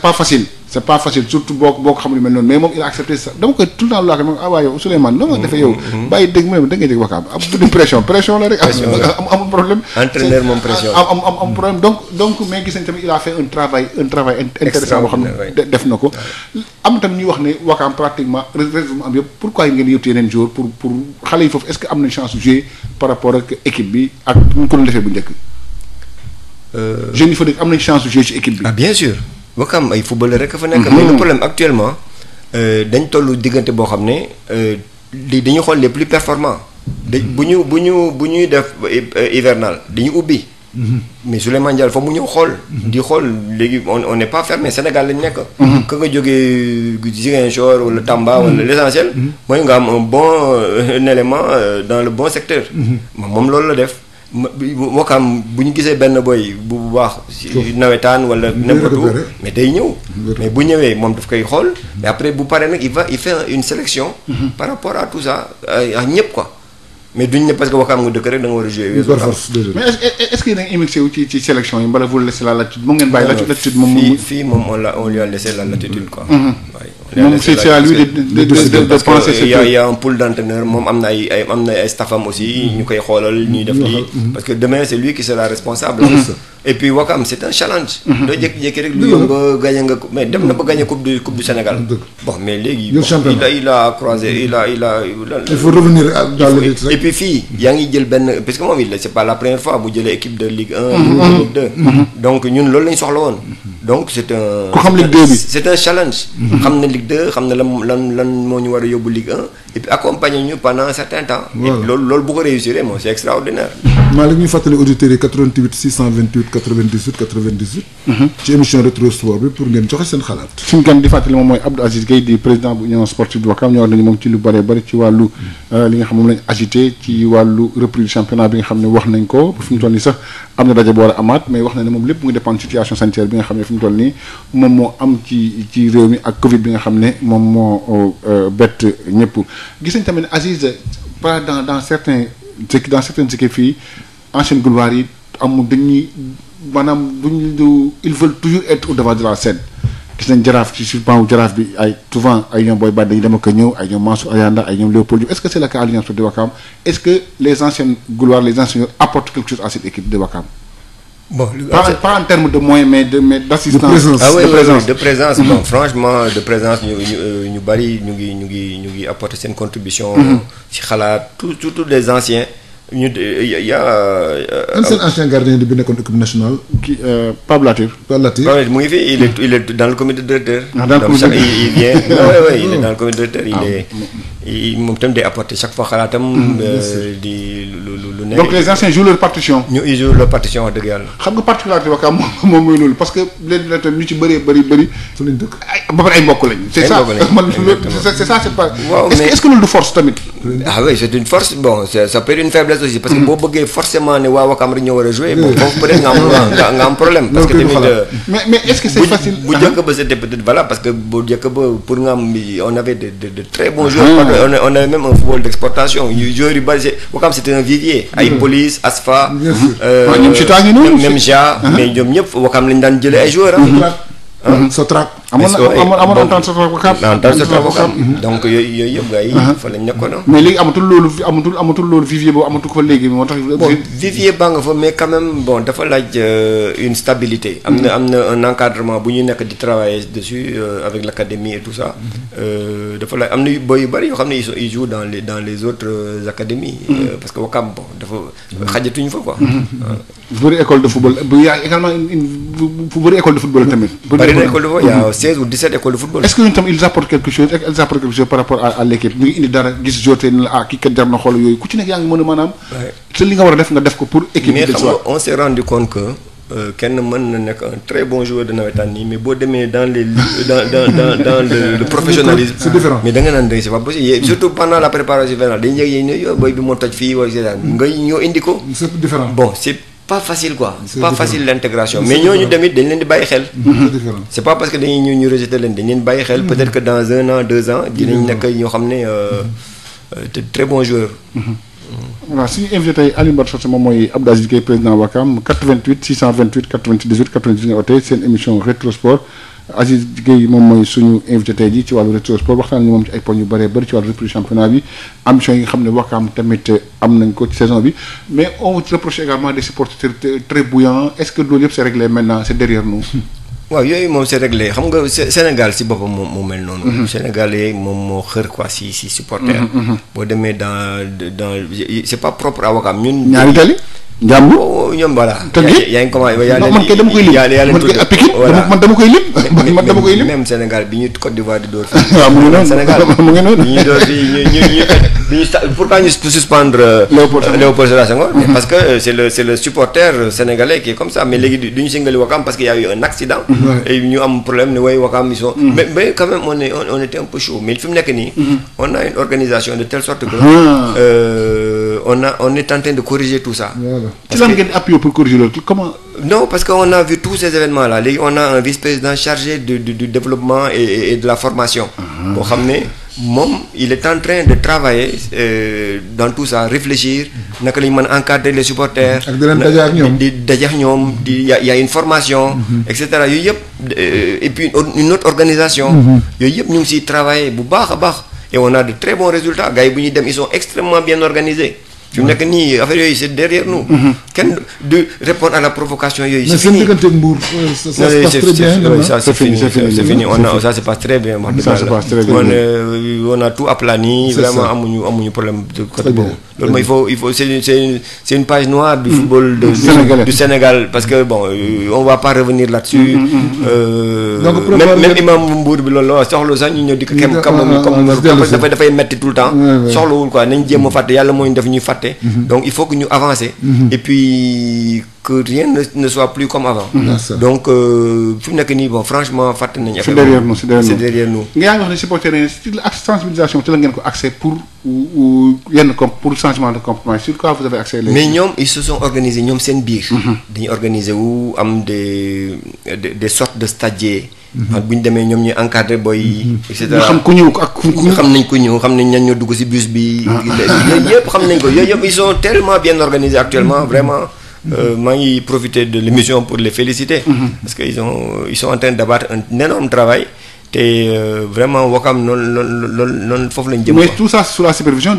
pas facile. c'est pas facile surtout boo boo ko xam ne mel noonu mais moom il a accepté ça dama koy tout le temps laa ko ah moom mm-hmm, mm-hmm. la rek. am a fait un travail ko. wax ne waxaam pratiquement résultat mu pour pour xale yi foofu est-ce que am nañ chance jouer par rapport defee bu njëkk. Euh, jeunes yi fa am nañ chance jouer ci équipe bi. ah bien sûr. Wakam ay footballeur rek a fa nekk. Mm-hmm. mais le problème actuellement euh, dañ tollu diggante boo xam ne euh, di dañuy xool les plus performants. da mm-hmm. bu ñu bu ñu bu ñuy def euh, hivernal dañuy ubbi. Mm-hmm. mais Souleymane Diallo fa mu ñëw xool. di xool léegi on on n'est pas fermé Sénégal lañ nekk. ka nga jógee Ziguinchor wala Tamba wala l'essentiel. mooy nga am un bon un élément dans le bon secteur. moom loolu la def. Wakaam bu ñu gisee benn boy bu bu baax si nawetaan wala n'importe où mais day ñëw mais bu ñëwee moom daf koy xool mm-hmm. mais après bu paree nag il va il fait une sélection mm-hmm. par rapport à tout ça ah ñëpp quoi mais duñ ne parce que Wakaam nga dëkk rek da war a jouer mais est-ce que da nga immiscé wu ci ci sélection yi mbala vous laissez la latitude moom ngeen bàyyi latitude moom fii moom on la on lui a laissé la latitude quoi mm-hmm. moom c' est à lui de de de de y' a a un pool moom am na ay staffam aussi. ñu koy xoolal ñuy def lii. Mhm. parce que demain c' est lui qui sera responsable. Mhm. et puis Wakam c' est un challenge. Mhm. doo jékki-jékki rek lu yomb ba gagné nga mais dem na ba gagné coupe du coupe du Sénégal. bon mais léegi. il a il a croisé il a il a. il faut revenir dans le et puis fii yaa ngi jël benn parce que moom il la c' est pas la première fois bu jëlee équipe de Ligue 1. Mhm. Ligue 2 mhm. donc ñun loolu la ñu soxla woon. donc c' est un. ku xam Ligue 2 bi c' est un challenge. xam na Ligue 2 xam na lan lan lan moo ñu war a yóbbu Ligue 1 et puis accompagner ñu pendant un certain temps. loolu loolu bu ko réussir moom c' est extraordinaire. maa ngi leen di fàttali auditeurs yi 88 628. 98 98. Mhm. ci émission rétro sport bi pour ngeen joxe seen xalaat. suñu gan di fàttali moom mooy Abdou Aziz Guèye di président bu union sportive bu Wakaam ñëwaat nañu euh, wax nañ ko fi toll nii sax am na daje war a amaat mais wax na ne moom lépp mu ngi dépendre situation sanitaire bi nga xam ne fi toll nii moom moo am ci ci réew mi ak Covid bi nga xam ne moom moo euh, euh, bett ñëpp gis nañ tamit ne par dans dans certains dans certaines équipes fii ancienne gloire yi amul maanaam duñ du ils veulent toujours être au devant de la scène gis nañ jaraaf ci surpan jaraaf bi ay souvent ay ñoom booy bàyyi dañuy dem ak ñëw ay ñoom Mansour Ayanda ay ñoom Léopold est ce que c' est le cas à de Wakam est ce que les anciennes gloires les anciens apportent quelque chose à cette équipe de Wakam. bon pas, pas en termes de moyens mais de mais d' assistance. de présence ah oui, de présence, mhm. oui, franchement de présence ñu ñu euh, ñu bëri ñu ngi ñu ngi ñu ngi apporter seen contribution. Mhm. ci xalaat tout tout les anciens. ñu yaa. Euh, euh, seen ancien gardien bi nekkoon équipe nationale. kii euh, Pape Latir. Pape Latir mu ngi fi il est il est dans le comité directeur. Ah, dans le comité directeur il est dans le comité directeur il ah, est. moom tam day apporter chaque fois xalaatam. Mm, euh, di lu lu lu nekk. donc les anciens jouent leur partition. ñu ils jouent leur partition wax dëgg yàlla. xam nga particularité Wakaam moom moom mooy loolu parce que léegi la tam ñu ci bëree bëri bëri. fu lañ dëkk ay ba pare ay mbokk lañ. ay mbokk lañ c'est ça c'est ça c'est pas. waaw mais est-ce que loolu du force tamit. ah oui c'est une force bon ça peut être une faiblesse aussi. parce que mm. boo bëggee forcément ne waa Wakaam rek ñoo war a jouer. bon foofu peut être nga am nga am problème. parce que tamit euh, mais mais est-ce que c'est facile. bu ah njëkk ah. ba c'était peut-être voilà parce que bu njëkk ba pour nga am on avait de de de très bons ah, joueurs on a on a même un football d'exportation yu joueurs yu bari Ouakam c'était un vivier. Mm. ay police ASFA. Euh, ñoom même ja ah. mais ñoom ñëpp Ouakam lañu daan jëlee ay joueurs ah. Mm-hmm. ah. Mm-hmm. Sotrac amoon na amoon na transport avocat. transport avocat mhm. donc yooyu yooyu yëpp gars yi. Uh-huh. fa lañ nekkoon ah. mais léegi amatul loolu amatul loolu vivier boobu amatul ko fa léegi moo tax. bon vivier baa nga fa mais quand bon dafa laaj euh, une stabilité. am na am na un encadrement bu ñu nekk di travailler dessus euh, avec l' académie et tout ça. Mm-hmm. Euh, dafa laaj am na boy yu bëri yoo xam ne ils jouent dans les dans les autres académies. Mm-hmm. parce que Wakam bon dafa mm-hmm. xajatuñu fa quoi. bu bëri école de football bu a également bu bëri 16 ou 17 écoles de football. est ce que ñun tam ils apportent quelque chose ak ils apportent quelque chose par rapport à à l' indi dara gis jote ne la ah kii kat na xool yooyu ku ci nekk yaa ngi mën a maanaam. te li nga war a def nga def ko pour. équipe bi de on s' rendu compte que. Euh, kenn mën na nekk un très bon joueur de nawetaan nii mais boo demee dans les dans dans dans le professionnalisme. mais da nga naan day c'est pas possible. surtout pendant la préparation hivernale dañuy yëg yéen ñooy boy bi si daan nga pas facile quoi c'est pas facile l'intégration mais ñooñu tamit dañ leen di bàyyi xel c'est pas parce que dañuy ñu rejeté leen dañ leen bàyyi xel mm-hmm. peut-être que dans un an deux ans dinañ nekk ñoo xam ne euh, euh, très bon joueur waaw mm-hmm. suñu invité tey Alioune Badara Socé moom mooy Abdou Aziz Gueye président Wakam 88 628 98 98 nga oote seen émission Rétro Aziz Gueye moom mooy suñu invité tey ji ci wàllu Retro Sport waxtaan nañu moom ci ay poñ yu bëree bëri ci wàllu reprise championnat bi euh, am ci saison mais on vous reproche également des supporters très bouillants est-ce que loolu yëpp c'est réglé maintenant c'est yooyu moom c'est réglé xam nga Sénégal si boppam moom moo mel noonu. Mm-hmm. Sénégal yooyu moom moo xër quoi si si supporter. Mm-hmm, mm-hmm. boo demee dans dans c'est pas propre à Wakaam ñun. ñaari njàmb oh, oh, ñoom voilà. yaa ngi commencé yaa man koy lim man koy lim. man dama koy lim même Sénégal bi ñu Côte d'Ivoire di dóor fii. Ah, mu ngi noonu Sénégal mu ngi noonu. bi ñu dóor ñu ñu ñu bi ñu ñu suspendre. Euh, Léopold Sédar Senghor. Mm-hmm. parce que euh, c' le supporter euh, sénégalais qui comme ça mais léegi du ñu singali Wakam parce que y' a un accident. Mm-hmm. ñu am problème ne way Wakam ils sont. Mm-hmm. mais mais quand même on est on était mais fi nekk nii. on on a on est en train de corriger tout ça. voilà ci lan ngeen appuyé pour corriger loolu comment. non parce que on a vu tous ces événements là léegi on a un vice-président chargé du développement et de la formation. boo ah. xam ne moom il est en train de travailler euh, dans tout ça réfléchir naka la ñu mën encadrer les supporters. ak di leen daje ak ñoom di daje ak ñoom di y' a y' a une formation. Mhm. et cetera yooyu yëpp euh, et puis une autre organisation. Mhm. yooyu yëpp ñu ngi siy travailler bu baax a baax. et on a de très bons résultats bu ñuy dem ils sont extrêmement bien organisés. fi mu nekk nii affaire yooyu c'est derrière nous. Mhm. kenn du répondre à la provocation yooyu. c'est fini mais euh, fini on a ça se euh, on a tout aplani. vraiment amuñu amuñu problème de côté boobu. loolu mooy il faut il faut c'est une page noire du mhm. football du Sénégal parce que bon euh, on va pas revenir là-dessus. Mhm, donc imam Mbour bi loolu la soxla sax ñu ñëw di ko. comme ah, ah, comme ah, dafay dafay metti tout temps. soxlawul quoi nañ jéem a fàtte yàlla mooy def ñuy fàtte santé. donc il faut que ñu avancer. Mhm. et puis que rien ne ne soit plus comme avant. Mhm. donc euh, fu nekk nii franchement fàtte nañu. c'est c'est derrière nous. nga yaa wax ne supporter nañu si la sensibilisation ci la ngeen ko accès pour yenn com pour changement de comportement sur quoi vous se sont organisés ñoom mhm. am des des de stagiaires. Mm-hmm. ak bu ñu demee ñoom ñuy encadré booy yi. Mm-hmm. et xam ku ñëw ak ku ñëw xam nañ ku ñëw xam nañ ñan ñoo dugg si bus bi. Ah. xam nañ ko yooyu yëpp ils sont tellement bien organisés actuellement mm-hmm. vraiment. Euh, maa ngi profiter de l'émission pour les féliciter. parce que ils ont ils sont en train d'abattre un énorme travail. te euh, vraiment Wakam noonu loolu loolu noonu foofu lañ jëm. mais ça sous la supervision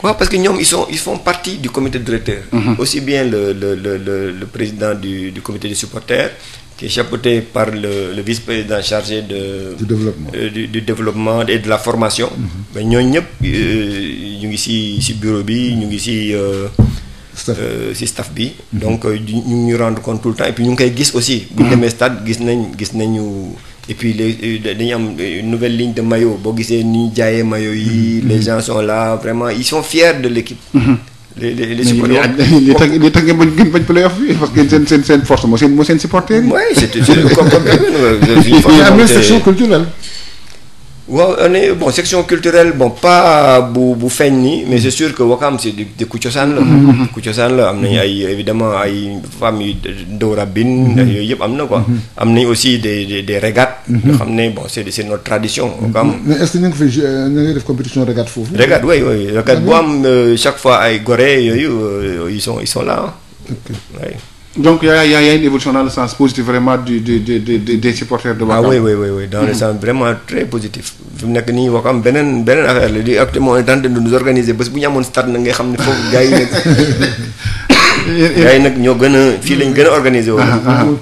parce que ñoom ils sont ils font partie du comité directeur. aussi bien le le le le président du du comité des supporters. qui est chapeauté par le, le vice-président chargé de, du, développement. Euh, du, et de la formation. Mm-hmm. mais ñooñu ñëpp euh, ñu ngi ci ci bureau bi ñu ngi ci. Euh, staff euh, ci staff bi. Mm-hmm. donc ñu ñu rendre compte tout le temps et puis ñu ngi koy gis aussi. bu ñu mm-hmm. demee stade gis nañ gis nañu. et puis les dañuy am nouvelle ligne de mayo boo gisee ni ñu jaayee maillot yi. les gens sont là vraiment ils sont fiers de l'équipe. li li li si ko li tax playoff bi parce seen seen force moo seen moo seen supporter yi. oui c'est une administration culturelle. waaw on bon section culturelle bon pa bu bu feeñ ni mais c' est sûr que Wakam c' est du dëkku cosaan la. dëkku mm-hmm. mm-hmm. cosaan la am nañu mm-hmm. ay évidemment ay famille Dorabine. yooyu yëpp am na ko am nañu aussi des des des régates. nga xam ne bon c' est c' est notre tradition. Wakam mais est ce que ñu ngi fay euh, ñu ngi def compétition régate foofu. régate oui oui régate bu am euh, chaque fois ay gorée yooyu euh, ils sont ils sont là ah. ok donc y' a y' a une évolution dans le sens positif vraiment du du du du des supporters de ah Wakam. ah oui oui oui dans le sens vraiment très positif. fi mu nekk nii Wakam beneen beneen affaire la di actuellement on est en train de nous organiser bés bu ñu amoon stade nag nga xam ne foofu gars yi nag. gars yi nag ñoo gën a fii lañ gën a organiser woon. da ah, am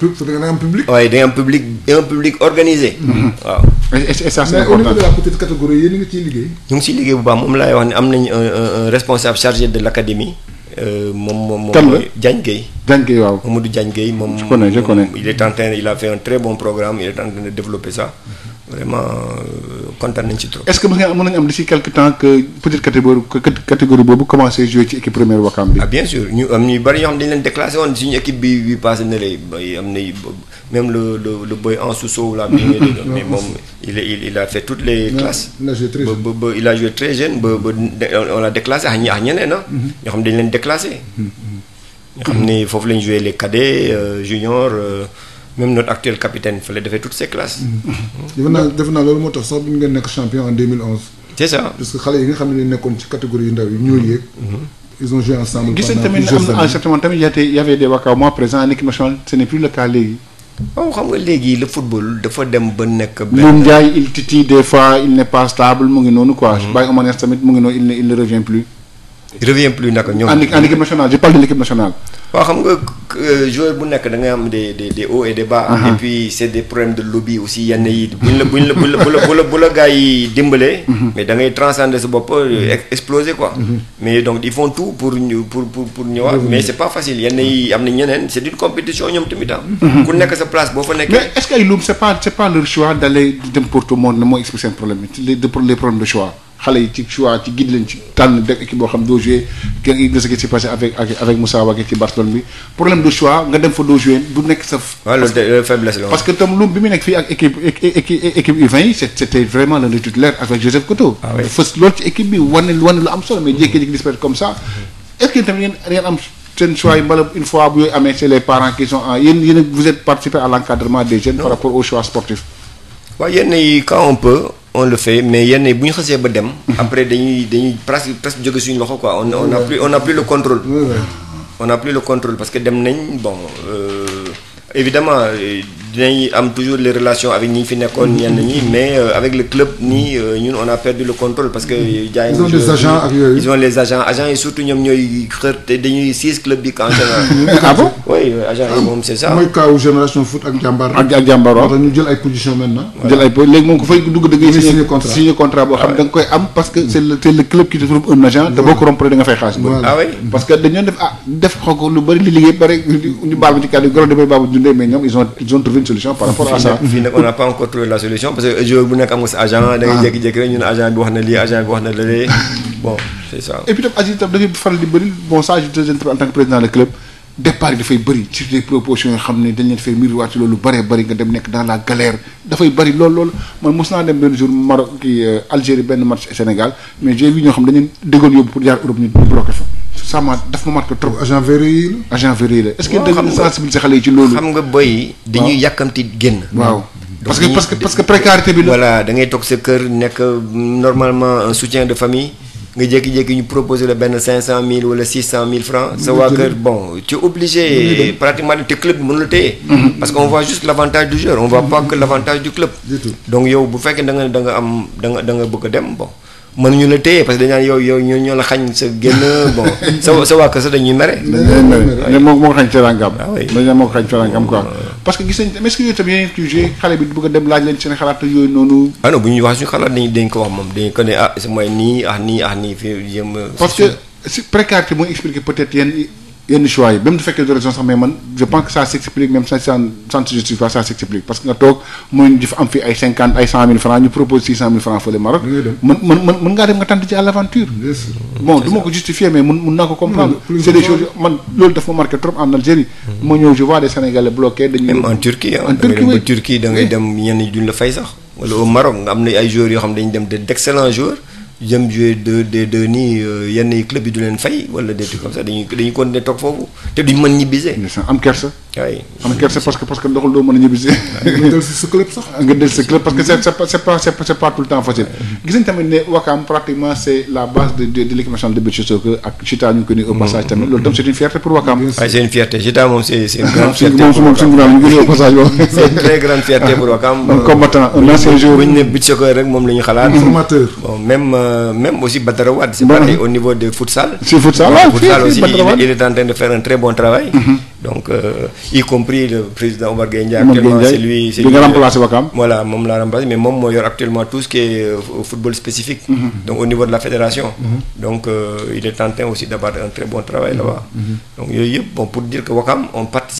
ah, public. waaye da nga am public un public organisé. Mm-hmm. waaw. et ça c'est important mais peut-être catégorie yéen a ngi ciy liggéey. ñu ngi ciy liggéey bu baax moom laay wax ne am nañ un responsable chargé de l' académie. Euh, moom moom. kan la Diagne Gueye. Diagne Gueye waaw Mamadou Diagne Gueye moom. je connais je connais il est en train il a fait un très bon programme il est en train de développer ça vraiment euh, kontaan nañ ci trop. est-ce que mën nga mën nañu am d'ici quelque temps que petite catégorie catégorie boobu commencé jouer ci équipe première Wakam bi. ah bien sûr ñu am ñu bari ñoo xam dañ leen déclassé woon suñu équipe bi bi passé na lay am nay. même le le le boy Ansou la là. bi ngeen di il a fait toutes les classes. ba ba il a joué très jeune ba ba on l'a déclassé ak ah, ah, ñeneen ah. Mm-hmm. ñoo xam dañ leen déclassé. Mm-hmm. ñoo xam ne foofu lañ joué les cadets euh, junior euh, même notre actuel capitaine fallait defee toutes ses classes. Mm-hmm. defe naa defe sax bu ñu nekk champion en c'est ça parce que xale yi nga xam ne nekkoon ci catégorie yu ndaw yi ñoo ils ont joué ensemble. pendant plusieurs années y' avait des Wakaw moi présent en moom oh, xam nga léegi la football dafa dem ba nekk. benn Lim Ndiaye il titille des fois il n'est pas stable mu ngi noonu quoi. Mm-hmm. Baye Omar Niass tamit mu ngi noonu il ne il ne revient plus. revient plus nag ñoom. en de l'équipe nationale. waaw xam nga euh, joueur bu nekk da ngay am des des et des bas. Uh-huh. et c'est des problèmes de lobby aussi yenn yi. buñ la la buñ la bu la bu la gars yi dimbalee. Uh-huh. mais da ngay sa bopp euh, uh-huh. exploser quoi. mais donc ils font tout pour ñu pour mais c'est pas facile yenn yi am na ñeneen c'est une compétition ñoom tamit ah. ku nekk sa place boo fa nekkee. mais est-ce que ay Loum c'est dem pour tout le monde mooy expliquer problème les problèmes de xale yi ci choix ci guide leen ci tànn def équipe boo xam doo joué kii nga dem fa doo joué du nekk sa. faiblesse parce que tam lu bi mu nekk fii ak équipe équipe U20 yi c'était vraiment le titulaire avec Joseph Koto. ah oui fës ci équipe bi wane lu am solo mais jékki-jékki disparaître comme ça est que tamit ngeen ngeen am. seen choix yi mbala une fois yooyu amee c'est les parents qui sont en yéen yéen vous êtes participé à l'encadrement des jeunes. par on le fait mais yenn bu ñu xasee ba dem. après dañuy dañuy presque presque jóge suñu loxo quoi on on a plus on a plus le contrôle. on a le contrôle parce que dem nañ bon. Euh, évidemment euh, dinañ am toujours les relations avec ñi fi nekkoon ñenn ñi mais euh, avec le club nii euh, ñun on a perdu le contrôle parce que. jaay ils ont des les agents agents yi surtout ñoom ñooy xër te dañuy siis club bi en général. ah bon agents moom c' est mooy kaw génération foot ak jàmbaar. waaw moom ku fay dugg da ngay. signé contrat signé contrat boo xam ah da nga koy que le club qui te un agent. te boo ko rompre da nga fay xaalis. ah parce dundee mais ñoom ils ont ils ont solution par rapport à ça fii nag on n'a pas la solution parce que joueur bu nekk am nga sa agent da ngay ah. jékki rek ñu ne agent bi wax na lii agent bi wax na lalee bon c'est ça et puis tam Aziz tam bon ça je te en tant que président xam ne dañ leen fay miroir ci bëri nga dem nekk dans la galère dafay bëri lool lool man mos naa dem benn jour Maroc kii euh, Algérie benn match Sénégal mais j'ai vu ñoo xam dañu déggoon yóbbu pour jaar Europe ñu bloqué fa sama daf ma mat ko trop. agent agent verrier la est-ce que dangeen sensibiliser xale xam nga bay yi ñuy yàkkamti génn. waaw parce que parce que parce que précarité bi la. voilà da ngay toog sa kër nekk mm, normalement un soutien de famille. nga jékki-jékki ñu proposé la benn cinq cent mille wala six cent mille francs sa waa kër bon tu es obligé pratiquement te club bi mënu la téye mm-hmm. parce que on voit juste l'avantage du joueur on voit pas que l'avantage du club donc yow bu fekkee da nga da nga am da nga da nga bëgg a dem bon mënuñu la téye parce que dañ naan yow yow ñoo ñoo la xañ sa génn bon sa sa waa sa dañuy mere. moo moo ko xañ teraangaam. waaw parce que gis nañ tamit est yooyu tamit a dem laaj leen yooyu noonu. ah bu ñuy wax suñu xalaat dañ dañ ko wax moom dañ ko ne ah mooy nii ah nii ah nii fii parce que si précarité mooy expliquer peut yenn. yenn choix yi même du fekkee de raison sax mais man je pense que ça s'explique même ça ça ne se parce que nga toog mënuñ di fa am fi ay cinquante ay cent mille francs ñu propose six cent mille francs fële Maroc. mën mën mën mën ngaa dem nga tànt ci à l'aventure. bon du ko justifier mais mun mun naa ko comprendre. c'est des choses man loolu daf ma marqué trop en Algérie. Hmm. ma ñëw je vois des Sénégalais bloqués dañu. même en Turquie en Turquie jëm jouer de de de nii euh, yenn yi club yi du leen fay wala des trucs comme ça dañuy continuer toog foofu te duñ mën ñibbisee. am am kersa parce que parce que ndoxul doo mën a ñibbisee. nga dellu si sa club parce que c' pas c' pas tout temps facile. gis tamit ne Wakam pratiquement c' la base de de l' équipe de beach soccer ak Chita ñu ko nuyu au passage tamit loolu tam c' une fierté pour Wakam. waaw c' une fierté Chita moom c' est une grande fierté pour Wakam euh, même aussi Badara si futsal waaw il, est en de faire un très bon travail. Mhm. donc euh, y compris le président Omar Gueye actuellement c'est lui c'est lui remplacé Wakam. voilà moom laa remplacé mais moom moo yor actuellement tout ce qui est euh, spécifique. Mhm. donc au niveau de la fédération. Mhm. donc euh, il est en aussi d'avoir un très bon travail là donc yooyu yëpp bon pour dire que Wakam on participe.